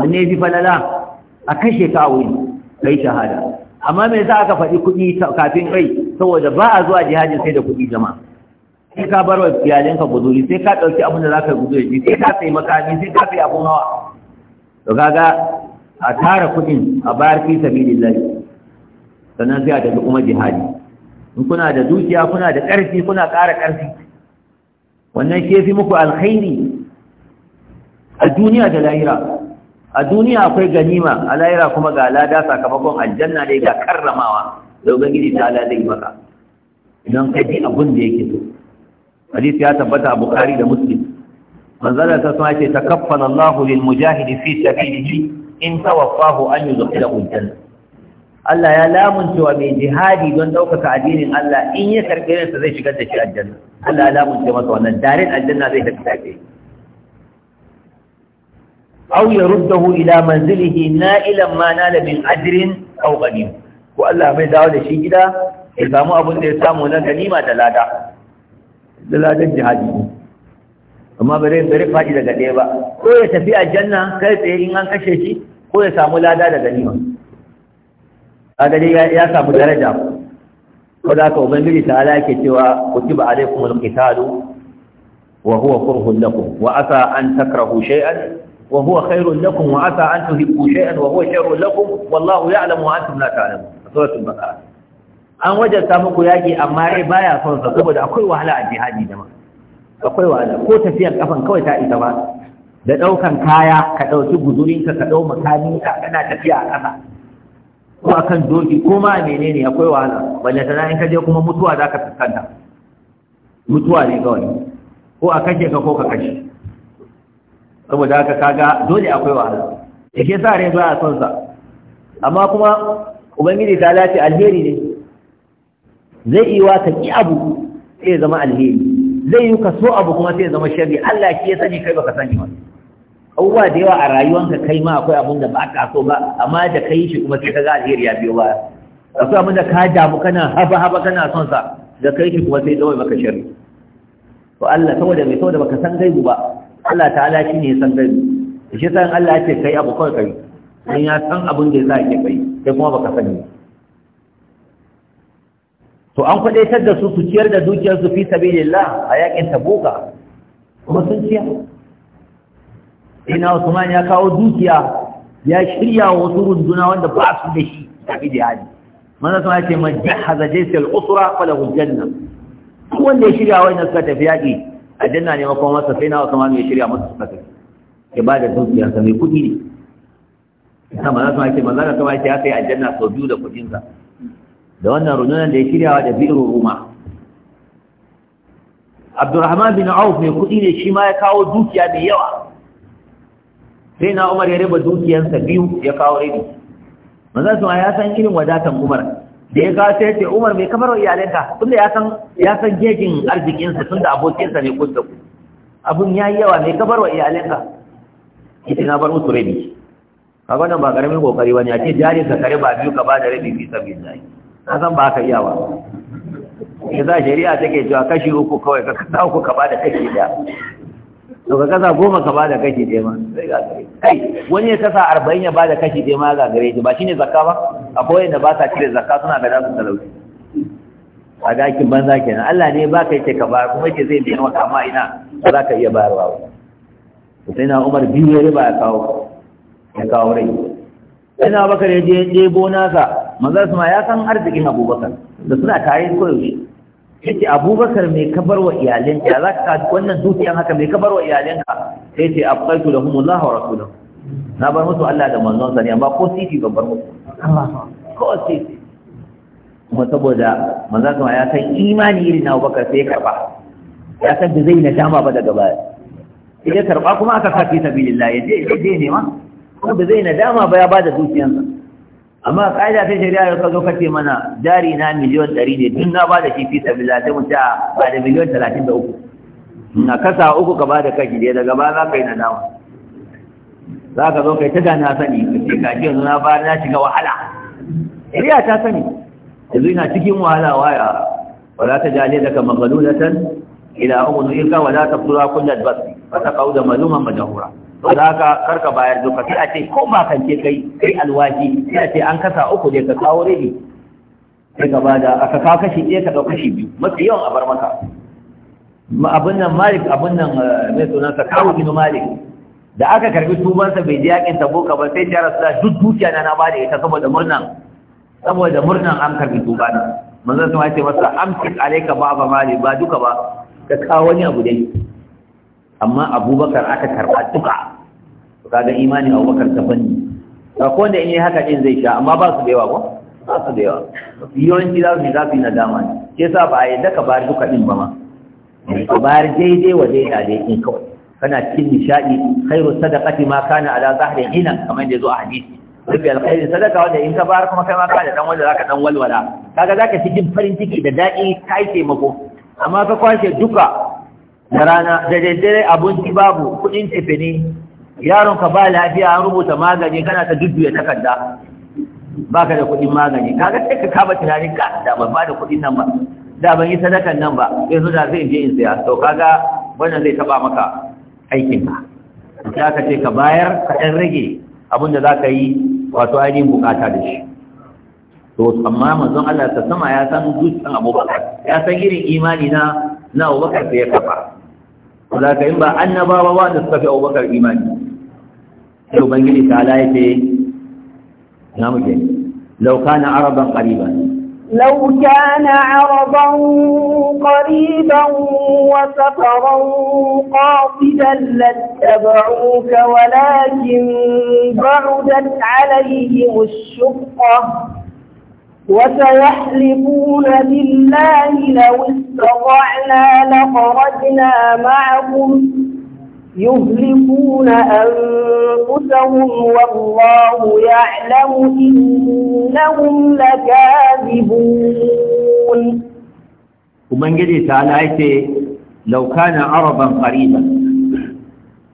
wanne fi falala a kashe ka a wuri kai shahada amma me yasa aka faɗi kuɗi kafin kai saboda ba a zuwa jihadin sai da kuɗi jama'a sai ka bar wa iyalinka guduri sai ka ɗauki abin da za ka guzuri ji sai ka sai makami sai ka sai abun hawa to kaga a tara kuɗin a bayar fi sabilillah sannan sai a tafi kuma jihadi in kuna da dukiya kuna da ƙarfi kuna ƙara ƙarfi wannan shi fi muku alkhairi a duniya da lahira a duniya akwai ganima a lahira kuma ga lada sakamakon aljanna dai ga karramawa da ubangiji ta ala zai maka idan ka ji abin da yake so hadisi ya tabbata a bukari da muslim manzala ta sun ce takaffala Allah lil mujahidi fi sabilihi in tawaffahu an yudkhilahu aljanna Allah ya lamuncewa mai jihadi don ɗaukaka addinin Allah in ya karɓe sa zai shigar da shi aljanna Allah ya lamunce masa wannan darin aljanna zai tafi tafi aw yaruddahu ila manzilihi na'ilan ma nala min ajrin aw ghanim ko Allah mai dawo da shi gida ya samu abin da ya samu na ganima da lada da jihadi amma bare bare faɗi daga ɗaya ba ko ya tafi aljanna kai tsaye in an kashe shi ko ya samu lada da ganima kaga ya samu daraja ko da ta ala cewa kutiba alaikumul qitalu wa huwa kurhun wa asa an takrahu shay'an wa huwa khairul lakum wa asa an tuhibbu shay'an wa huwa sharrul lakum wallahu ya'lamu wa antum la ta'lamun suratul baqara an wajabta muku yaki amma ai baya son sa saboda akwai wahala a jihadi da akwai wahala ko tafiyar kafan kawai ta isa ba da ɗaukan kaya ka ɗauki guzurinka ka ɗau makaminka kana tafiya a ƙasa ko a doki ko ma menene akwai wahala balle tana in ka je kuma mutuwa za ka fuskanta mutuwa ne ko a kashe ka ko ka kashe saboda haka kaga dole akwai wahala Yake sa rai ba a son sa amma kuma ubangiji ta lati alheri ne zai yi wa ka ki abu sai zama alheri zai yi ka so abu kuma sai zama sharri Allah ki ya sani kai baka sani ba abubuwa da yawa a rayuwanka kai ma akwai abin da ba ka so ba amma da kai shi kuma sai ka ga alheri ya biyo ba akwai abin da ka damu kana haba haba kana son sa da kai shi kuma sai zama baka sharri to Allah saboda mai saboda baka san gaibu ba Allah ta'ala shi ne ya san gari shi san Allah ya ce kai abu kawai kai dan ya san abin da za a ke kai kai kuma baka sani to an ta da su su ciyar da dukiyar su fi sabilillah a yakin tabuka kuma sun ciya ina Usman ya kawo dukiya ya shirya wa wasu runduna wanda ba su da shi a jihadi manzo sama ya ce man jahaza jaysal usra falahu aljanna wanda ya shirya wa inda suka tafi yaki aljanna ne makon masa sai na wasu ma shirya masa suka kai ya ba da dukiya sa mai kuɗi ne sama za su ma ce da kama ya kai aljanna sau biyu da sa da wannan rundunar da ya shiryawa da birin ruma abdurrahman bin auf mai kuɗi ne shi ma ya kawo dukiya mai yawa sai na umar ya raba dukiyansa biyu ya kawo rabi manzan su ma ya san irin wadatan umar da ya ga sai ce Umar mai kamar iyalinka tunda ya san ya san gegin arzikinsa tunda abokinsa ne kun da ku abun yayi yawa mai kamar wa iyalanka ita na bar musu rabi kaga wannan ba karamin kokari bane a ce jari ka kare ba biyu ka ba da rabi fi zai ka san ba ka iyawa ya za shari'a take cewa kashi uku kawai ka kasa uku ka ba da kashi daya to ka kasa goma ka bada kashi ɗaya ma zai gagare kai wani ya kasa arba'in ya bada kashi ɗaya ma gagare shi ba shi ne zakka ba akwai wanda ba sa cire zakka suna gada dasu talauci a dakin banza kenan Allah ne ba ka yake ka ba kuma yake zai biya maka amma ina ba za ka iya bayarwa ba sai na Umar biyu ya riba ya kawo ya kawo rai ina bakar ya je ɗebo nasa manzar ma ya san arzikin abubakar da suna tare koyaushe yace abubakar mai kabar wa iyalin ya za ka wannan dukiyan haka mai kabar wa ka sai ce abqaitu lahum Allah wa rasuluhu na bar musu Allah da manzon sa ne amma ko sisi ban bar musu ko sisi kuma saboda manzon sa ya san imani irin na Abubakar sai ya karba ya san da zai nadama ba daga baya idan karba kuma aka kafi sabilillah ya je ya je ne ma kuma da zai nadama ba ya bada dukiyansa amma ƙa'ida ta shari'a ya zo kace mana jari na miliyon ɗari ne duk na ba da shi fi sabila sai mu ce ah, ba da miliyon talatin da uku na kasa uku ka ba da kashi ɗaya daga ba za ka yi nadama za ka zo kai ta da na sani ka ce ka ce yanzu na ba na shiga wahala shari'a ta sani yanzu ina cikin wahala waya wala ta jale daga magalulatan ila ugu nu'irka wala ta tura kullal bas fa ta da maluman majahura ba za ka karka bayar duka sai a ce ko ba kan ce kai kai alwaji sai a ce an kasa uku ne ka kawo rabi sai ka bada ka kawo kashi ɗaya ka ɗau kashi biyu mafi yawan a bar maka abin nan malik abin nan eh, mai sa kawo bin malik da aka karbi tubansa bai ji yakin boka ba sai jara sa duk dukiya na na bada ita saboda murnan saboda murnan an karbi tubana manzon sun ce masa amsik alayka ba ba malik ba duka ba ka kawo wani abu dai amma abubakar aka karɓa duka ga imanin abubakar ta fanni ba ko da in yi haka ɗin zai sha amma ba su da yawa ba? ba su da yawa yawanci za su yi zafi na dama ne ke sa ba a yi daga bayar duka din ba ma ka bayar daidai wa daidai da yake kawai kana cikin nishadi khairu sadaqati ma kana ala zahri hina kamar da zo a hadisi rufe alkhairin sadaka wanda in ka bayar kuma kai ma ka da dan wanda zaka dan walwala kaga zaka fi jin farin ciki da daɗi kai taimako amma ka kwashe duka da rana da daddare abinci babu kuɗin tafi ne yaron ka ba lafiya an rubuta magani kana ta dudduya takarda baka da kudin magani kaga sai ka kaba tunani ka da ban ba da kudin nan ba da ban yi sadakan nan ba yanzu da zai je in saya to kaga wannan zai taba maka aikin ka ka ka ce ka bayar ka ɗan rage abin da zaka yi wato ainihin bukata da shi to amma manzon Allah ta sama ya san dukkan Abubakar ya san irin imani na na Abubakar sai ya kafa Wala ka yi ba annabawa ba da suka fi abubakar imani sai ubangiji ta ala ya ce na muke na araban ƙariban لو كان عرضا قريبا وسفرا قاصدا لاتبعوك ولكن بعدت عليهم الشقة وسيحلفون بالله لو استطعنا لخرجنا معكم يهلكون أنفسهم والله يعلم إنهم لكاذبون Ubangiji ta laife laukana araban ƙariban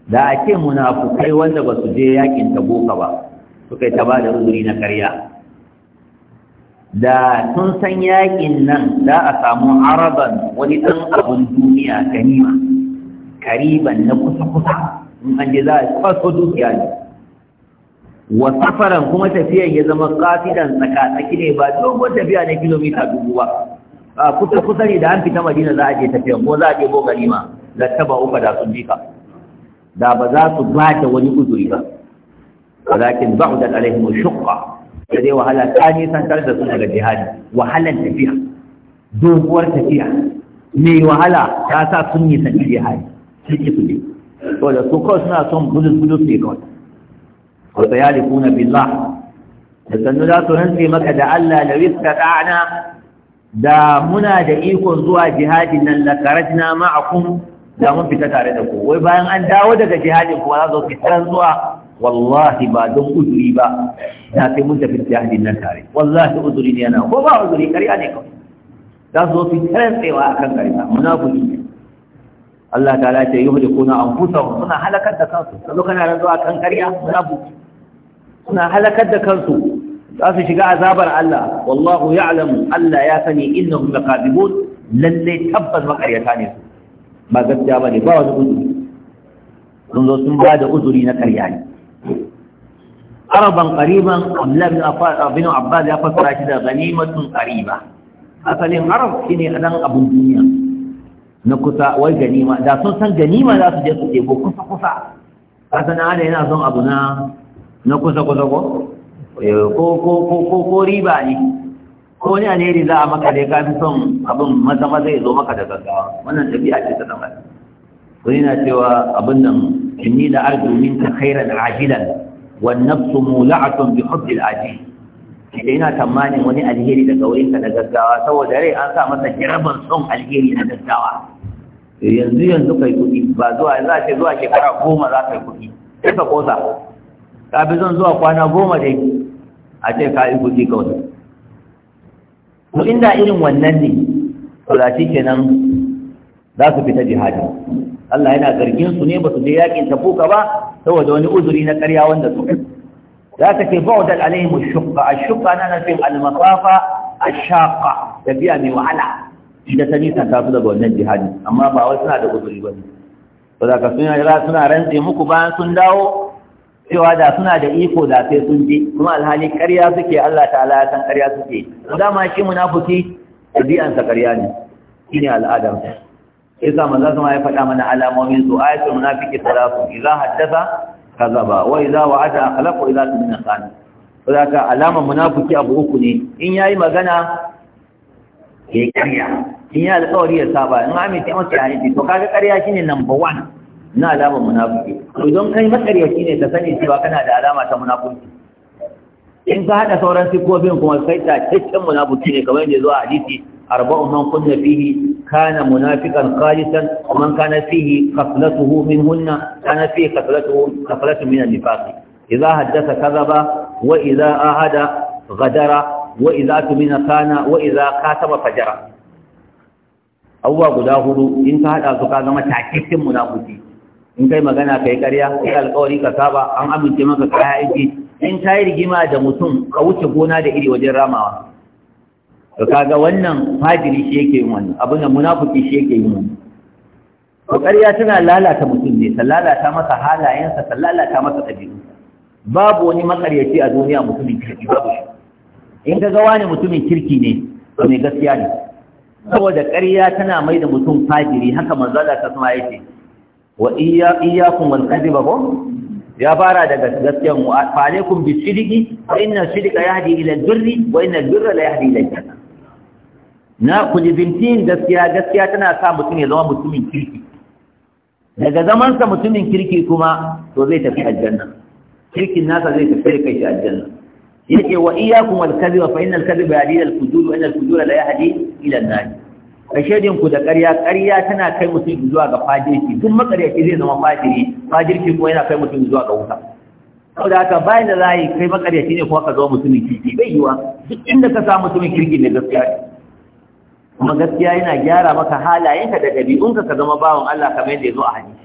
da ake munafukai wanda ba su je yakin boka ba suka yi ta ba da uzuri na karya da sun san yakin nan za a samu araban wani ɗan abin duniya ganima kariban na kusa-kusa in an je za a kwaso dukiya ne wa safaran kuma tafiyan ya zama kafidan tsaka-tsaki ne ba dogon tafiya na kilomita dubu ba a kusa-kusa ne da an fita madina za a je tafiyan ko za a je bo ganima da taba uka da sun jika da ba za su ba da wani uzuri ba walakin ba'udat alaihim shuqqa da dai wahala ta nisantar da su daga jihadi wahalan tafiya doguwar tafiya mai wahala ta sa sun yi nisanci jihadi su ki su ne to da su kawai suna son gudun gudun su yi kawai ko ta yali kuna billah da sannu za su rantse maka da Allah da wista ɗana da muna da ikon zuwa jihadin nan la karajna ma'akum da mun fita tare da ku wai bayan an dawo daga jihadin kuwa za su fitar zuwa wallahi ba don uzuri ba Na sai mun tafi hadin nan tare wallahi uzuri ne yana ko ba uzuri ƙarya ne kawai za su zo su tsayawa a kan ƙarya munafiki ne Allah ta lafiya yi hudu kuna an fusa suna halakar da kansu ka zo kana ranzuwa kan ƙarya munafiki suna halakar da kansu za su shiga azabar Allah wallahu ya'lamu Allah ya sani innahum laqadibun lalle tabbas maƙaryata ne su ba gaskiya ba ne ba wani uzuri sun zo sun ba da uzuri na karya ne araban qariban abdullah bin affan bin abbas ya fassara shi da ganimatun qariba asalin arab shine dan abin duniya na kusa wai ganima da sun san ganima za su je su ɗebo kusa kusa kasan ada yana son abu na na kusa kusa ko ko ko ko ko riba ne ko ne alheri za a maka ne ka fi son abin maza maza ya zo maka da gaggawa wannan tafiya ce ta zama wani na cewa abin nan inni la arju ta khairan ajilan wan nafsu mula'atun bi hubbi al-ajil idan ina tamanin wani alheri daga ka na gaggawa saboda rai an sa masa jarabar son alheri na gaggawa eh, yanzu yanzu kai kuɗi ba zuwa za ce zuwa shekara goma za ka yi kuɗi sai ka kosa ka bi zan zuwa kwana goma dai a ce ka yi kuɗi kawai to inda irin wannan ne to da shi kenan za su fita jihadi Allah yana zargin su ne ba su je yakin tabuka ba saboda wani uzuri na ƙarya wanda su. za ka ce ba'ud alaihim shuqqa ash-shuqqa na nafin al-masafa ash tafiya mai wahala da ta nisa ta su daga wannan jihadi amma ba wai suna da uzuri ba ne ba za ka suna ra suna rantse muku bayan sun dawo cewa da suna da iko da sai sun je kuma alhali ƙarya suke Allah ta'ala ya san ƙarya suke dama shi munafiki sa ƙarya ne shine al'adarsa yasa manzo kuma ya faɗa mana alamomin su ayatul munafiki salatu idza haddatha kazaba wa idza wa'ada akhlafa idza tumina khana saboda alaman munafiki abu uku ne in yayi magana ya ƙarya in yi alƙawari ya saba in amince masa ya haifi to kaga ƙarya shine number one na alaman munafiki to don kai maƙaryaci ne ka sani cewa kana da alama ta munafiki in ka haɗa sauran sifofin kuma kai tacaccen munafiki ne kamar yadda zuwa hadisi arba'u man kunna fihi kana munafiqan khalisan wa man kana fihi khaflatuhu minhunna kana fihi khaflatuhu khaflatun min an-nifaq idza haddatha kadhaba wa idza ahada ghadara wa idza tumina kana wa idza kataba fajara abubuwa guda hudu in ka haɗa su ka zama tacaccen munafiki in kai magana kai ƙarya kai alƙawari ka saba an amince maka kaya aiki in ta yi rigima da mutum ka wuce gona da iri wajen ramawa to kaga wannan fajiri shi yake yin wannan abin da munafiki shi yake yin wannan to ƙarya tana lalata mutum ne ta lalata masa halayensa ta lalata masa ɗabi'u babu wani makaryaci a duniya mutumin kirki babu shi in ka ga wani mutumin kirki ne to mai gaskiya ne saboda ƙarya tana mai da mutum fajiri haka manzala ta sama yake wa kuma wal kadhiba ko ya fara daga gaskiyar mu fa alaikum bisidiki fa inna sidika yahdi ila albirri wa inna birra la yahdi ila aljanna na kuli bintin gaskiya gaskiya tana sa mutum ya zama mutumin kirki daga zamansa mutumin kirki kuma to zai tafi aljanna kirkin nasa zai tafi kai shi aljanna yake wa iyyakum wal kadhiba fa innal kadhiba yahdi ila al-fujur wa innal fujura la yahdi ila an-nar da shaidin ku da ƙarya ƙarya tana kai mutum zuwa ga fajirki duk makaryaci zai zama fajiri fajirki kuma yana kai mutum zuwa ga wuta saboda haka bayan da zai kai makaryaci ne kuma ka zama mutumin kirki bai yiwa duk inda ka samu mutumin kirki ne gaskiya kuma gaskiya yana gyara maka halayenka da ɗabi'unka ka zama bawan Allah kamar yadda ya zo a hadisi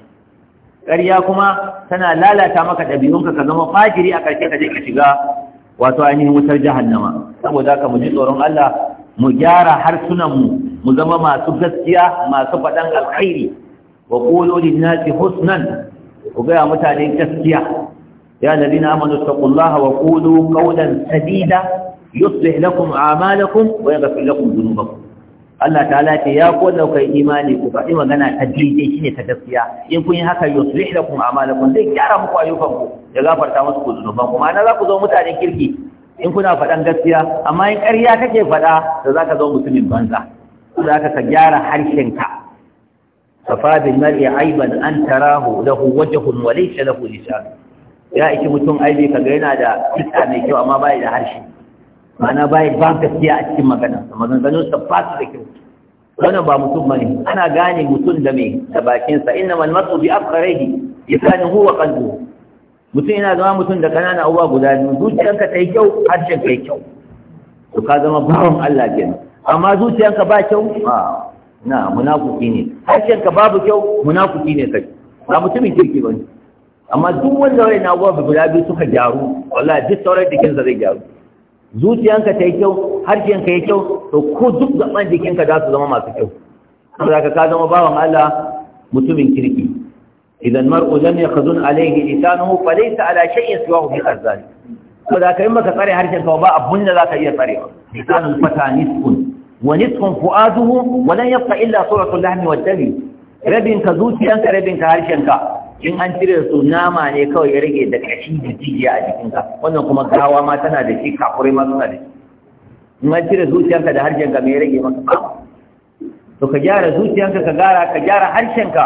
ƙarya kuma tana lalata maka ɗabi'unka ka zama fajiri a ƙarshe ka je ka shiga wato ainihin wutar jahannama saboda haka mu ji tsoron Allah mu gyara harsunanmu mu zama masu gaskiya masu faɗan alkhairi wa qulu lin-nasi husnan ku ga mutane gaskiya ya ladina amanu taqullaha wa qulu qawlan sadida yuslih lakum a'malakum wa yaghfir lakum dhunubakum Allah ta ce ya ko da kai imani ku faɗi magana ta daidai shine ta gaskiya in kun yi haka yuslih lakum a'malakum zai gyara muku ayyukanku ya gafarta muku zunubanku ma'ana za ku zo mutanen kirki in kuna faɗan gaskiya amma in ƙarya kake faɗa da za ka zo banza za ka gyara harshenka safa bin mar'i aiban an tarahu lahu wajhun wa laysa lahu lisan ya iki mutum aibi kaga yana da fiska mai kyau amma bai da harshe ma'ana bai ba gaskiya a cikin magana maganganun sa ba su da kyau wannan ba mutum bane ana gane mutum da mai da bakin sa innamal mar'u bi afqarihi lisanihi huwa qalbuhu mutum yana zama mutum da ƙananan uwa guda biyu zuciyarka ta yi kyau harshen ka yi kyau to ka zama bawan Allah kenan amma zuciyarka ba kyau a na munafuki ne harshen ka babu kyau munafuki ne kai ba mutumin kirki ba ne amma duk wanda wani ba guda biyu suka gyaru wallahi duk sauran jikinsa zai gyaru zuciyanka ta yi kyau harshenka ya kyau to ko duk gaban jikinka za su zama masu kyau saboda ka zama bawan Allah mutumin kirki إذا المرء لم يخزن عليه لسانه فليس على شيء سواه في خزانه فذاك إما كفري هرشا فوباء أبن ذاك إيا فريقا لسان الفتى نسك ونسك فؤاده ولن يبقى إلا صورة اللحم والدم rabin ka zuciyanka rabin ka harshenka in an cire su nama ne kawai ya rage da kashi da jijiya a jikinka wannan kuma gawa ma tana da shi kafurai ma suna da shi in an cire zuciyanka da harshenka me ya rage maka to ka gyara zuciyanka ka gara ka gyara harshenka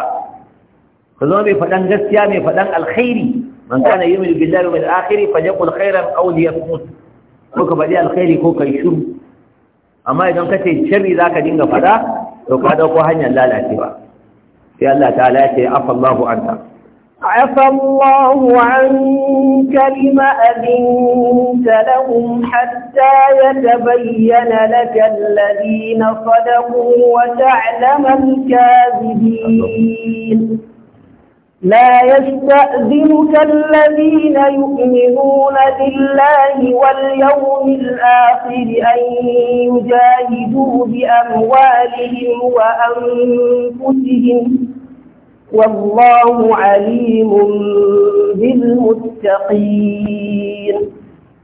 ka zama mai faɗan gaskiya mai faɗan alkhairi man kana yumin billahi wal akhiri fajaqul khairan aw liyasmut ko ka faɗi alkhairi ko kai shiru amma idan ka ce sharri zaka dinga faɗa to ka dauko hanyar lalacewa sai Allah ta'ala ya ce afallahu anta عفى الله عنك لما أذنت لهم حتى يتبين لك الذين صدقوا وتعلم الكاذبين لا يستأذنك الذين يؤمنون بالله واليوم الآخر أن يجاهدوا بأموالهم وأنفسهم والله عليم بالمتقين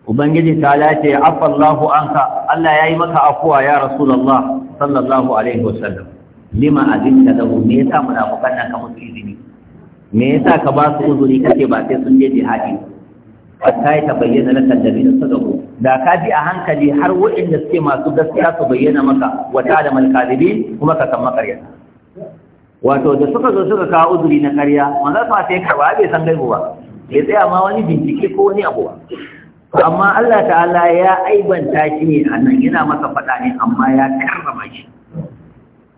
Ubangiji ta lace afallahu anka Allah ya yi maka afuwa ya Rasulullah sallallahu alaihi wasallam lima abinta da ya yasa munafukan nan ka izini me yasa ka ba su uzuri kake ba sai sun je jihadi hatta ya bayyana laka da bin sadaku da ka bi a hankali har da suke masu gaskiya su bayyana maka wata da malkadibi kuma ka san makaryata wato da suka zo suka kawo uzuri na karya manzo fa sai karba bai san gaibu ba ya tsaya ma wani bincike ko wani abu amma Allah ta'ala ya aibanta shi ne a nan yana masa faɗa ne amma ya karrama shi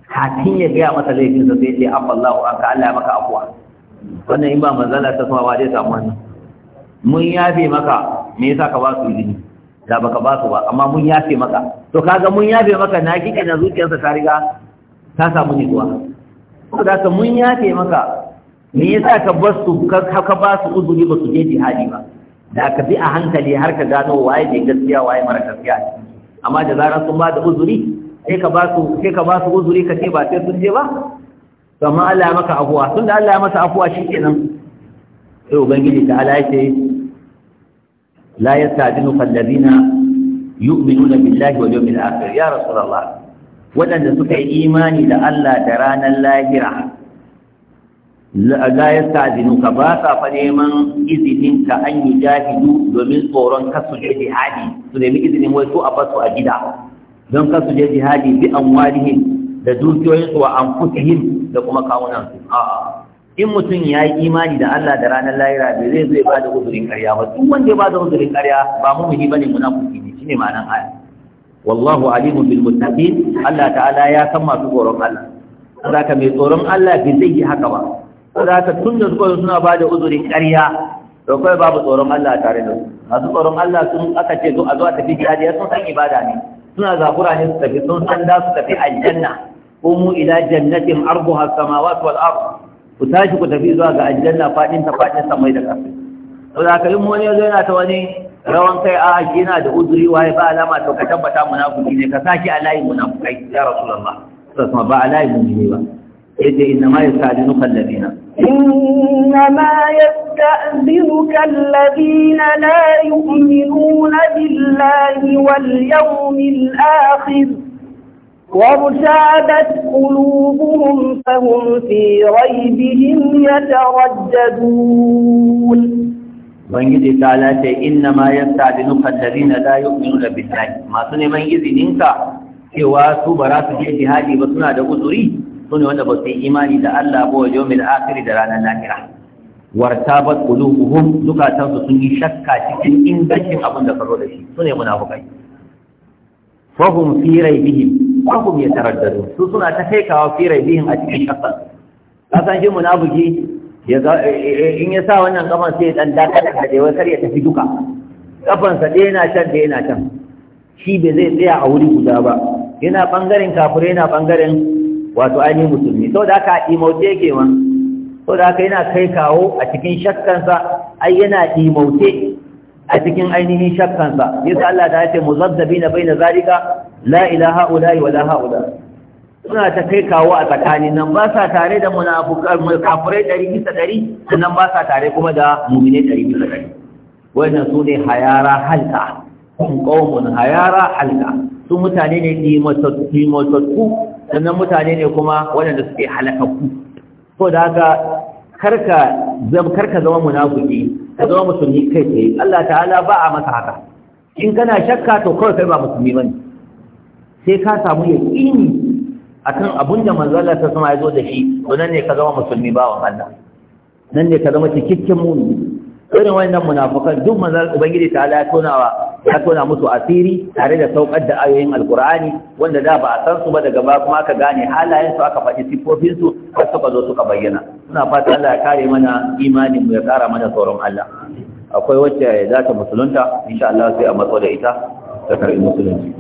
kafin ya gaya masa laifinsa sai ce afallahu aka Allah ya maka afuwa wannan in ba manzala ta sama ba zai samu wannan mun yafe maka me yasa ka ba su izini da baka ba su ba amma mun yafe maka to kaga mun yafe maka na kike na zuciyarsa ta riga ta samu nutsuwa ko da ka mun yafe maka me yasa ka ba su ka ba su uzuri ba su je jihadi ba da ka bi a hankali har ka gano waye ne gaskiya waye mara gaskiya amma da zarar sun ba da uzuri sai ka ba su sai ka ba su uzuri ka ce ba sai sun je ba amma Allah ya maka afuwa tunda Allah ya masa afuwa shikenan sai ubangiji ta ala yake la yastadinu alladhina yu'minuna billahi wal yawmil akhir ya rasulullah wadanda suka yi imani da Allah da ranar lahira la yastadinu ka ba sa fa neman izinin ka an yi jahidu domin tsoron kasu je jihadi su nemi izinin wai su a basu a gida don kasu je jihadi bi amwalihim da dukiyoyinsu wa anfusihim da kuma kawunan a'a in mutum ya yi imani da Allah da ranar lahira bai zai zai ba da uzurin karya ba duk wanda ya ba da uzurin karya ba mumini bane munafiki ne shine ma'anar aya wallahu alimu bil muttaqin Allah ta'ala ya san masu tsoron Allah zaka mai tsoron Allah bai zai yi haka ba zaka tun da suka suna ba da uzurin karya to kai babu tsoron Allah tare da su masu tsoron Allah sun aka ce zo a zo a tafi jihadi sun san ibada ne suna zakura ne su tafi sun san da su tafi aljanna قوموا إلى جنتهم أرضها السماوات والأرض وتاجك تفيزها الجنه فاتن تفاتن سميدة كفر وذلك يوم وني وذينا تواني روان كي آجينا دعوذري وهي فألما تكتبت منافقين كساشي علي منافقين يا رسول الله رسمه فألاي منافقين إذ إنما يستأذنك الذين إنما يستأذنك الذين لا يؤمنون بالله واليوم الآخر وارتابت قلوبهم فهم في ريبهم يترددون Ubangiji ta lace inna ma ya sadi nufan da zina da yi umaru da bisani masu neman gizi izininka cewa su ba za su je jihadi ba suna da uzuri su ne wanda ba su yi imani da Allah ba wa jomin akiri da ranar lahira warta ba kulubuhum zukatansu sun yi shakka cikin ingancin abin da karo da shi su ne munafukai fahim fi raibihim wahum yataraddadu su suna ta kai kawo fi raibihim a cikin kasa kasan shi munafiki ya in ya sa wannan kafan sai dan dakata da dai kar ya tafi duka kafansa ɗaya na can ɗaya na can shi bai zai tsaya a wuri guda ba yana ɓangaren kafure yana ɓangaren wato ainihi musulmi sau haka a imauce ke ma sau da yana kai kawo a cikin shakkansa ai yana imauce a cikin ainihin shakkansa yasa Allah ta ce muzabzabi na bai na zalika la ilaha ulai wa la haula suna ta kai kawo a tsakanin nan ba sa tare da munafukan kafirai ɗari bisa ɗari sannan ba sa tare kuma da muminai ɗari bisa ɗari wannan su ne hayara halka kun qaumun hayara halka su mutane ne kimotattu sannan mutane ne kuma waɗanda suke halakakku ko da haka karka karka zama munafiki ka zama musulmi kai tsaye Allah ta'ala ba a masa haka in kana shakka to kawai kai ba musulmi bane sai ka samu a akan abin da ta sama ya zo da shi to nan ne ka zama musulmi bawan Allah nan ne ka zama cikakken mu'mini irin wannan munafukan duk manzo ubangiji ta Allah ya tonawa ya tona musu asiri tare da saukar da ayoyin alkur'ani wanda da ba a san su ba daga ba kuma aka gane halayen su aka faɗi sifofin su har suka zo suka bayyana muna fata Allah ya kare mana imanin mu ya kara mana tsoron Allah akwai wacce za ta musulunta insha Allah sai a matso da ita ta karɓi musulunci